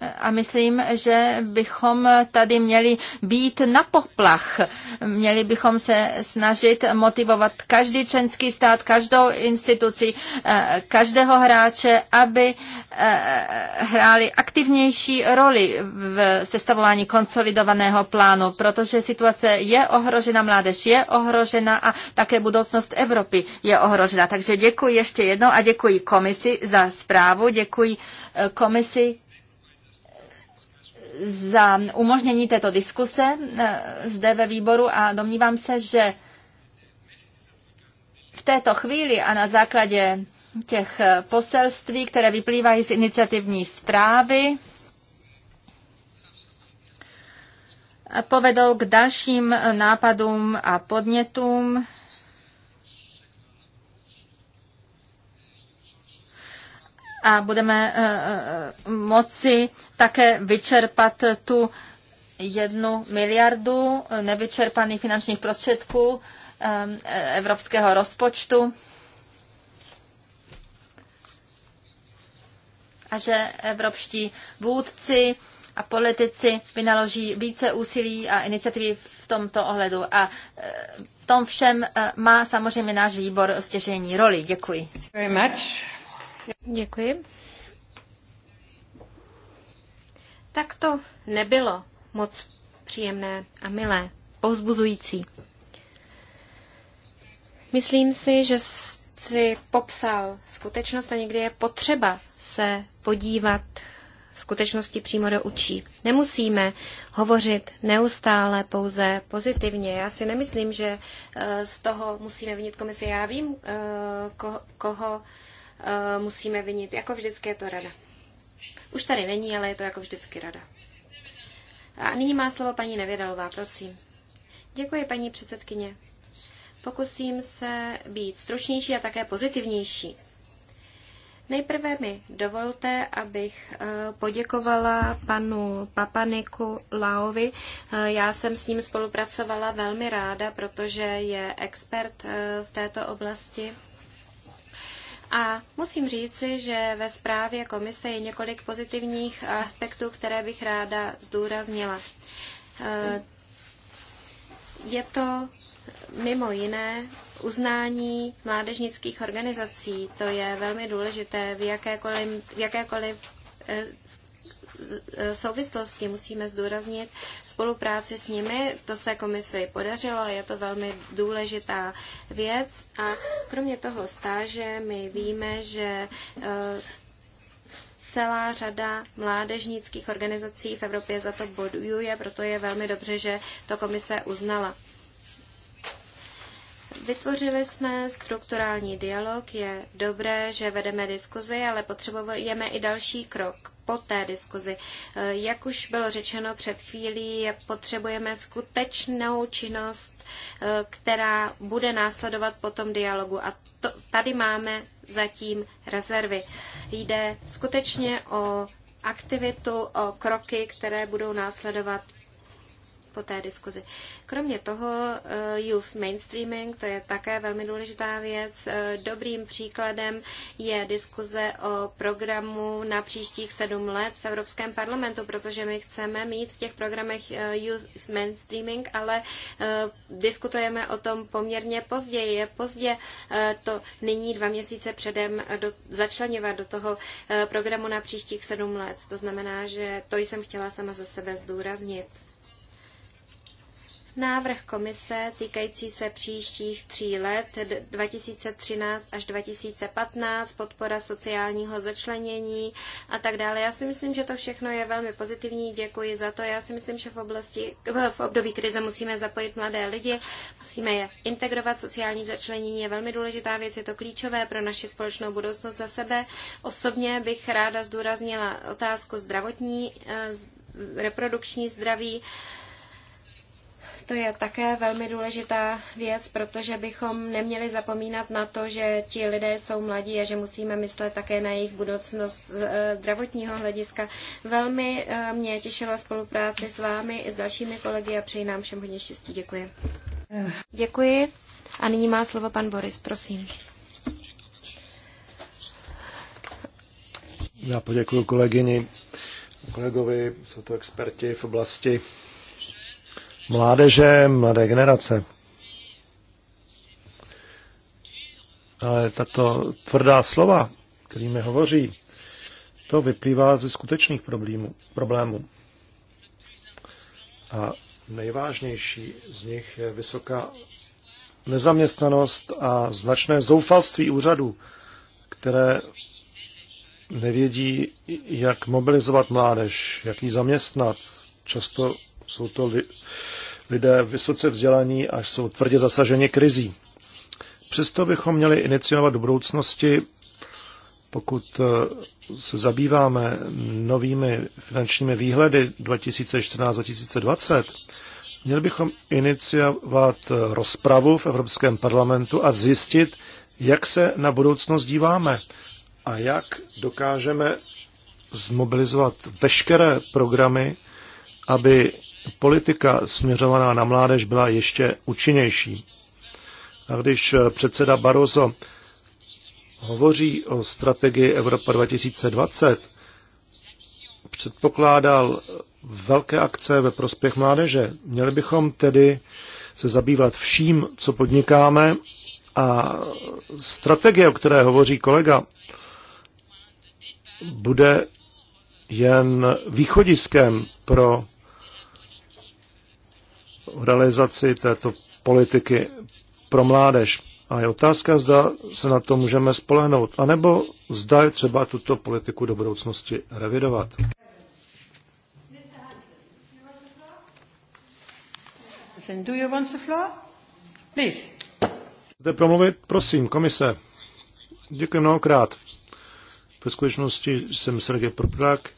a myslím, že bychom tady měli být na poplach. Měli bychom se snažit motivovat každý členský stát, každou instituci, eh, každého hráče, aby eh, hráli aktivnější roli v sestavování konsolidovaného plánu, protože situace je ohrožena, mládež je ohrožena a také budoucnost Evropy je ohrožena. Takže děkuji ještě jednou a děkuji komisi za zprávu, děkuji eh, komisi za umožnění této diskuse eh, zde ve výboru a domnívám se, že v této chvíli a na základě těch eh, poselství, které vyplývají z iniciativní zprávy, eh, povedou k dalším nápadům a podnětům, a budeme eh, eh, moci také vyčerpat tu jednu miliardu nevyčerpaných finančních prostředků eh, evropského rozpočtu. A že evropští vůdci a politici vynaloží více úsilí a iniciativy v tomto ohledu. A v tom všem má samozřejmě náš výbor stěžení roli. Děkuji. Děkuji. Tak to nebylo moc příjemné a milé, pouzbuzující. Myslím si, že si popsal skutečnost a někdy je potřeba se podívat skutečnosti přímo do učí. Nemusíme hovořit neustále pouze pozitivně. Já si nemyslím, že eh, z toho musíme vinit komisi. Já vím, eh, koho Eh, musíme vinit. Jako vždycky je to rada. Už tady není, ale je to jako vždycky rada. A nyní má slovo paní Nevědalová, prosím. Děkuji, paní předsedkyně. Pokusím se být stručnější a také pozitivnější. Nejprve mi dovolte, abych eh, poděkovala panu Papaniku Laovi. Eh, já jsem s ním spolupracovala velmi ráda, protože je expert v této oblasti. A musím říci, že ve zprávě komise je několik pozitivních aspektů, které bych ráda zdůraznila. Eh, je to mimo jiné uznání mládežnických organizací. To je velmi důležité v jakékoliv, v jakékoliv eh, souvislosti. Musíme zdůraznit spolupráci s nimi. To se komisi podařilo, je to velmi důležitá věc. A kromě toho stáže my víme, že eh, celá řada mládežnických organizací v Evropě za to bojuje, proto je velmi dobře, že to komise uznala. Vytvořili jsme strukturální dialog, je dobré, že vedeme diskuzi, ale potřebujeme i další krok po té diskuzi. Eh, jak už bylo řečeno před chvílí, potřebujeme skutečnou činnost, eh, která bude následovat po tom dialogu. A to, tady máme zatím rezervy. Jde skutečně o aktivitu, o kroky, které budou následovat po té diskuzi. Kromě toho eh, youth mainstreaming, to je také velmi důležitá věc. Eh, dobrým příkladem je diskuze o programu na příštích sedm let v Evropském parlamentu, protože my chceme mít v těch programech eh, youth mainstreaming, ale diskutujeme o tom poměrně pozdě. Je pozdě to nyní dva měsíce předem do, začleněvat do toho programu na příštích sedm let. To znamená, že to jsem chtěla sama ze sebe zdůraznit. Návrh komise týkající se příštích tří let 2013 až 2015, podpora sociálního začlenění a tak dále. Já si myslím, že to všechno je velmi pozitivní. Děkuji za to. Já si myslím, že v, oblasti, v období krize musíme zapojit mladé lidi, musíme je integrovat. Sociální začlenění je velmi důležitá věc, je to klíčové pro naši společnou budoucnost za sebe. Osobně bych ráda zdůraznila otázku zdravotní, eh, reprodukční zdraví to je také velmi důležitá věc, protože bychom neměli zapomínat na to, že ti lidé jsou mladí a že musíme myslet také na jejich budoucnost z eh, zdravotního hlediska. Velmi eh, mě těšila spolupráce s vámi i s dalšími kolegy a přeji nám všem hodně štěstí. Děkuji. Děkuji. A nyní má slovo pan Boris, prosím. Já poděkuji kolegyni, kolegovi, jsou to experti v oblasti mládeže, mladé generace. Ale tato tvrdá slova, kterými hovoří, to vyplývá ze skutečných problémů. problémů. A nejvážnější z nich je vysoká nezaměstnanost a značné zoufalství úřadů, které nevědí, jak mobilizovat mládež, jak ji zaměstnat. Často jsou to lidé vysoce vzdělaní a jsou tvrdě zasaženi krizí. Přesto bychom měli iniciovat do budoucnosti, pokud eh, se zabýváme novými finančními výhledy 2014-2020, měli bychom iniciovat eh, rozpravu v Evropském parlamentu a zjistit, jak se na budoucnost díváme a jak dokážeme zmobilizovat veškeré programy, aby politika směřovaná na mládež byla ještě účinnější. A když eh, předseda Barroso hovoří o strategii Evropa 2020, předpokládal velké akce ve prospěch mládeže. Měli bychom tedy se zabývat vším, co podnikáme a strategie, o které hovoří kolega, bude jen východiskem pro realizaci této politiky pro mládež. A je otázka, zda se na to můžeme spolehnout, anebo zda je třeba tuto politiku do budoucnosti revidovat. Please. Chcete promluvit? Prosím, komise. Děkuji mnohokrát. Ve skutečnosti jsem Sergej Proprak,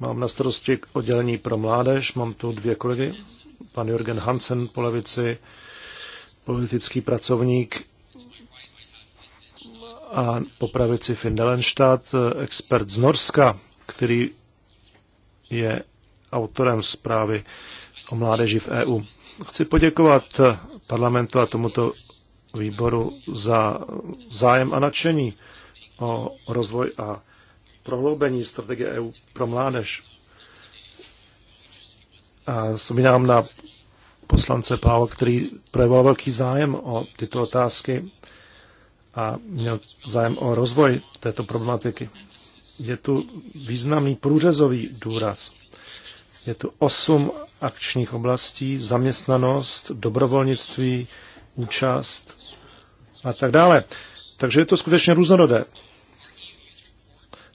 mám na starosti oddělení pro mládež, mám tu dvě kolegy, pan Jürgen Hansen po levici, politický pracovník a po pravici Findelenstadt, expert z Norska, který je autorem zprávy o mládeži v EU. Chci poděkovat parlamentu a tomuto výboru za zájem a nadšení o rozvoj a prohloubení strategie EU pro mládež vzpomínám na poslance Páho, který projevoval velký zájem o tyto otázky a měl zájem o rozvoj této problematiky. Je tu významný průřezový důraz. Je tu osm akčních oblastí, zaměstnanost, dobrovolnictví, účast a tak dále. Takže je to skutečně různorodé.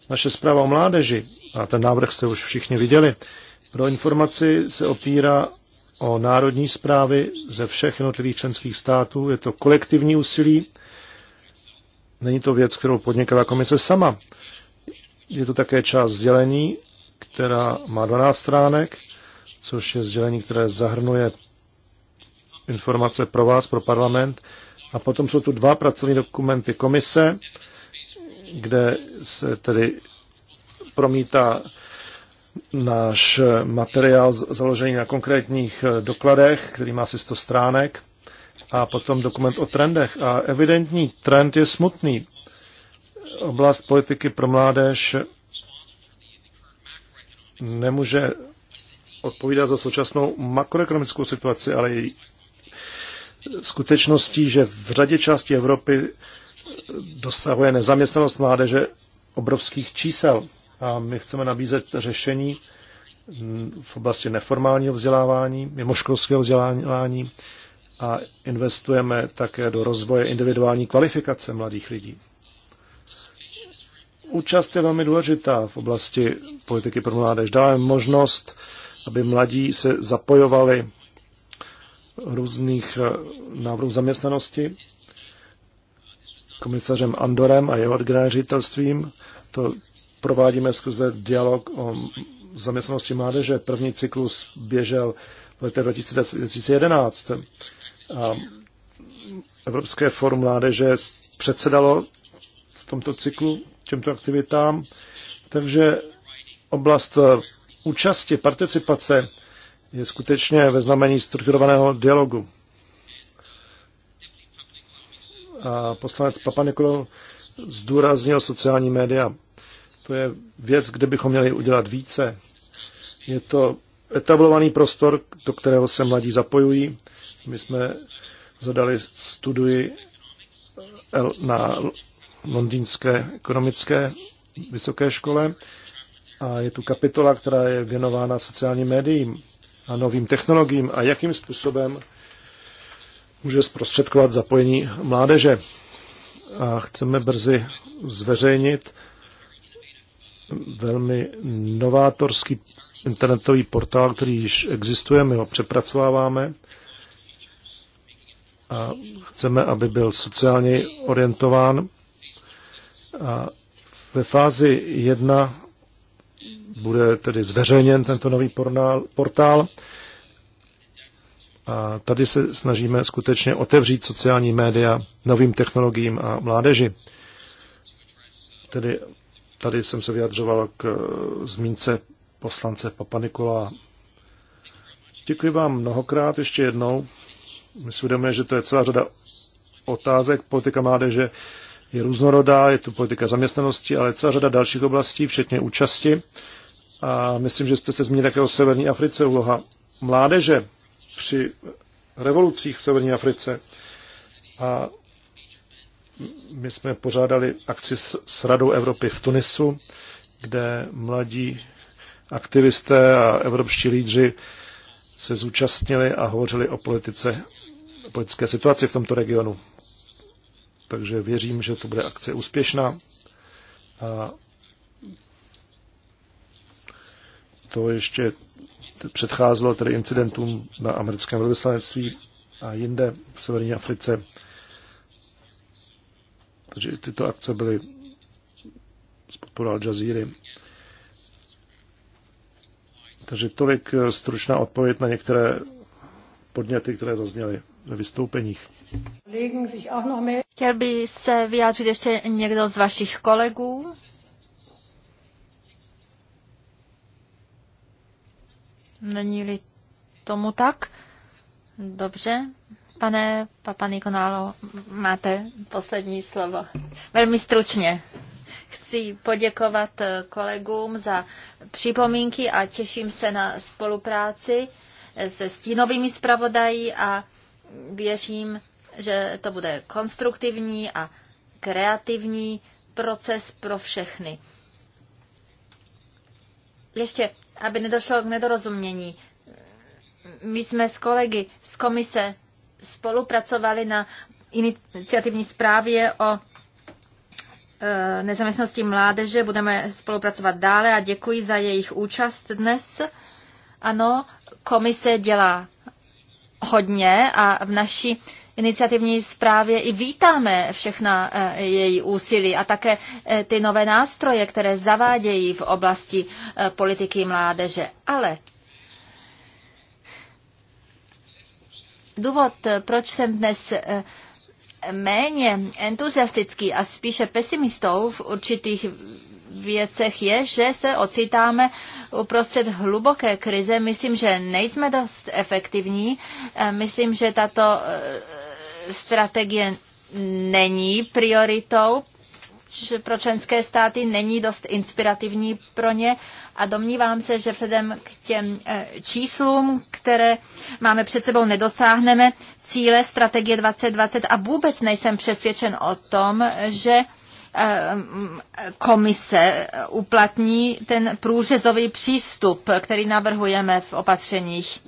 Naše zpráva o mládeži, a ten návrh jste už všichni viděli, pro informaci se opírá o národní zprávy ze všech jednotlivých členských států. Je to kolektivní úsilí, není to věc, kterou podnikala komise sama. Je to také část sdělení, která má 12 stránek, což je sdělení, které zahrnuje informace pro vás, pro parlament. A potom jsou tu dva pracovní dokumenty komise, kde se tedy promítá náš materiál založený na konkrétních eh, dokladech, který má asi 100 stránek, a potom dokument o trendech. A evidentní trend je smutný. Oblast politiky pro mládež nemůže odpovídat za současnou makroekonomickou situaci, ale její skutečností, že v řadě části Evropy dosahuje nezaměstnanost mládeže obrovských čísel a my chceme nabízet řešení v oblasti neformálního vzdělávání, mimoškolského vzdělávání a investujeme také do rozvoje individuální kvalifikace mladých lidí. Účast je velmi důležitá v oblasti politiky pro mládež. Dále možnost, aby mladí se zapojovali různých eh, návrhů zaměstnanosti komisařem Andorem a jeho odgrážitelstvím. To provádíme skrze dialog o zaměstnanosti mládeže. První cyklus běžel v letech 2011 a Evropské forum mládeže předsedalo v tomto cyklu těmto aktivitám. Takže oblast účasti, participace je skutečně ve znamení strukturovaného dialogu. A poslanec Papa Nikolo zdůraznil sociální média to je věc, kde bychom měli udělat více. Je to etablovaný prostor, do kterého se mladí zapojují. My jsme zadali studii na londýnské ekonomické vysoké škole a je tu kapitola, která je věnována sociálním médiím a novým technologiím a jakým způsobem může zprostředkovat zapojení mládeže. A chceme brzy zveřejnit velmi novátorský internetový portál, který již existuje, my ho přepracováváme a chceme, aby byl sociálně orientován. A ve fázi 1 bude tedy zveřejněn tento nový portál. A tady se snažíme skutečně otevřít sociální média novým technologiím a mládeži. Tedy Tady jsem se vyjadřoval k eh, zmínce poslance Papa Nikola. Děkuji vám mnohokrát ještě jednou. My si uvědomujeme, že to je celá řada otázek. Politika mládeže je různorodá, je tu politika zaměstnanosti, ale je celá řada dalších oblastí, včetně účasti. A myslím, že jste se zmínili také o Severní Africe, úloha mládeže při revolucích v Severní Africe. A my jsme pořádali akci s Radou Evropy v Tunisu, kde mladí aktivisté a evropští lídři se zúčastnili a hovořili o politice, o politické situaci v tomto regionu. Takže věřím, že to bude akce úspěšná. A to ještě předcházelo tedy incidentům na americkém velvyslanectví a jinde v severní Africe. Takže tyto akce byly s podporou Al Jazeera. Takže tolik eh, stručná odpověď na některé podněty, které zazněly ve vystoupeních. Chtěl by se vyjádřit ještě někdo z vašich kolegů? Není-li tomu tak? Dobře. Pane Papa Nikonálo, máte poslední slovo. Velmi stručně. Chci poděkovat eh, kolegům za připomínky a těším se na spolupráci eh, se stínovými zpravodají a věřím, že to bude konstruktivní a kreativní proces pro všechny. Ještě, aby nedošlo k nedorozumění. My jsme s kolegy z komise spolupracovali na iniciativní zprávě o e, nezaměstnosti mládeže. Budeme spolupracovat dále a děkuji za jejich účast dnes. Ano, komise dělá hodně a v naší iniciativní zprávě i vítáme všechna e, její úsilí a také e, ty nové nástroje, které zavádějí v oblasti politiky mládeže. Ale důvod, eh, proč jsem dnes eh, méně entuziastický a spíše pesimistou v určitých věcech je, že se ocitáme uprostřed hluboké krize. Myslím, že nejsme dost efektivní. Eh, myslím, že tato strategie není prioritou že pro členské státy není dost inspirativní pro ně a domnívám se, že vzhledem k těm eh, číslům, které máme před sebou, nedosáhneme cíle strategie 2020 a vůbec nejsem přesvědčen o tom, že eh, komise uplatní ten průřezový přístup, který navrhujeme v opatřeních.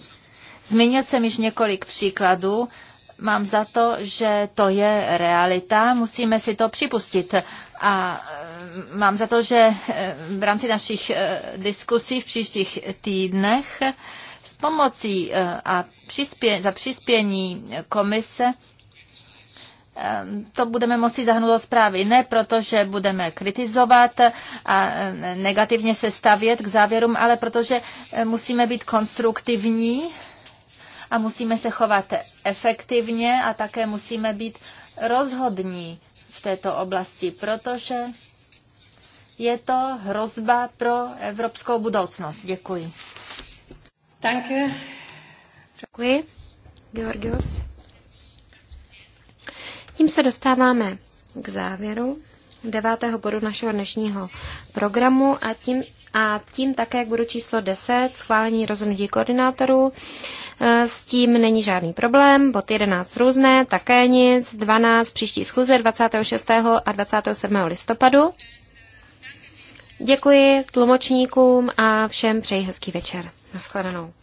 Zmínil jsem již několik příkladů. Mám za to, že to je realita, musíme si to připustit. A eh, mám za to, že eh, v rámci našich eh, diskusí v příštích týdnech s pomocí a přispě, za přispění komise to budeme moci zahnout do zprávy. Ne proto, že budeme kritizovat a negativně se stavět k závěrům, ale protože musíme být konstruktivní a musíme se chovat efektivně a také musíme být rozhodní této oblasti, protože je to hrozba pro evropskou budoucnost. Děkuji. Danke. Děkuji. Georgios. Tím se dostáváme k závěru devátého bodu našeho dnešního programu a tím, a tím také k bodu číslo 10, schválení rozhodnutí koordinátorů. E, s tím není žádný problém. Bod 11 různé, také nic. 12 příští schůze 26. a 27. listopadu. Děkuji tlumočníkům a všem přeji hezký večer. Naschledanou.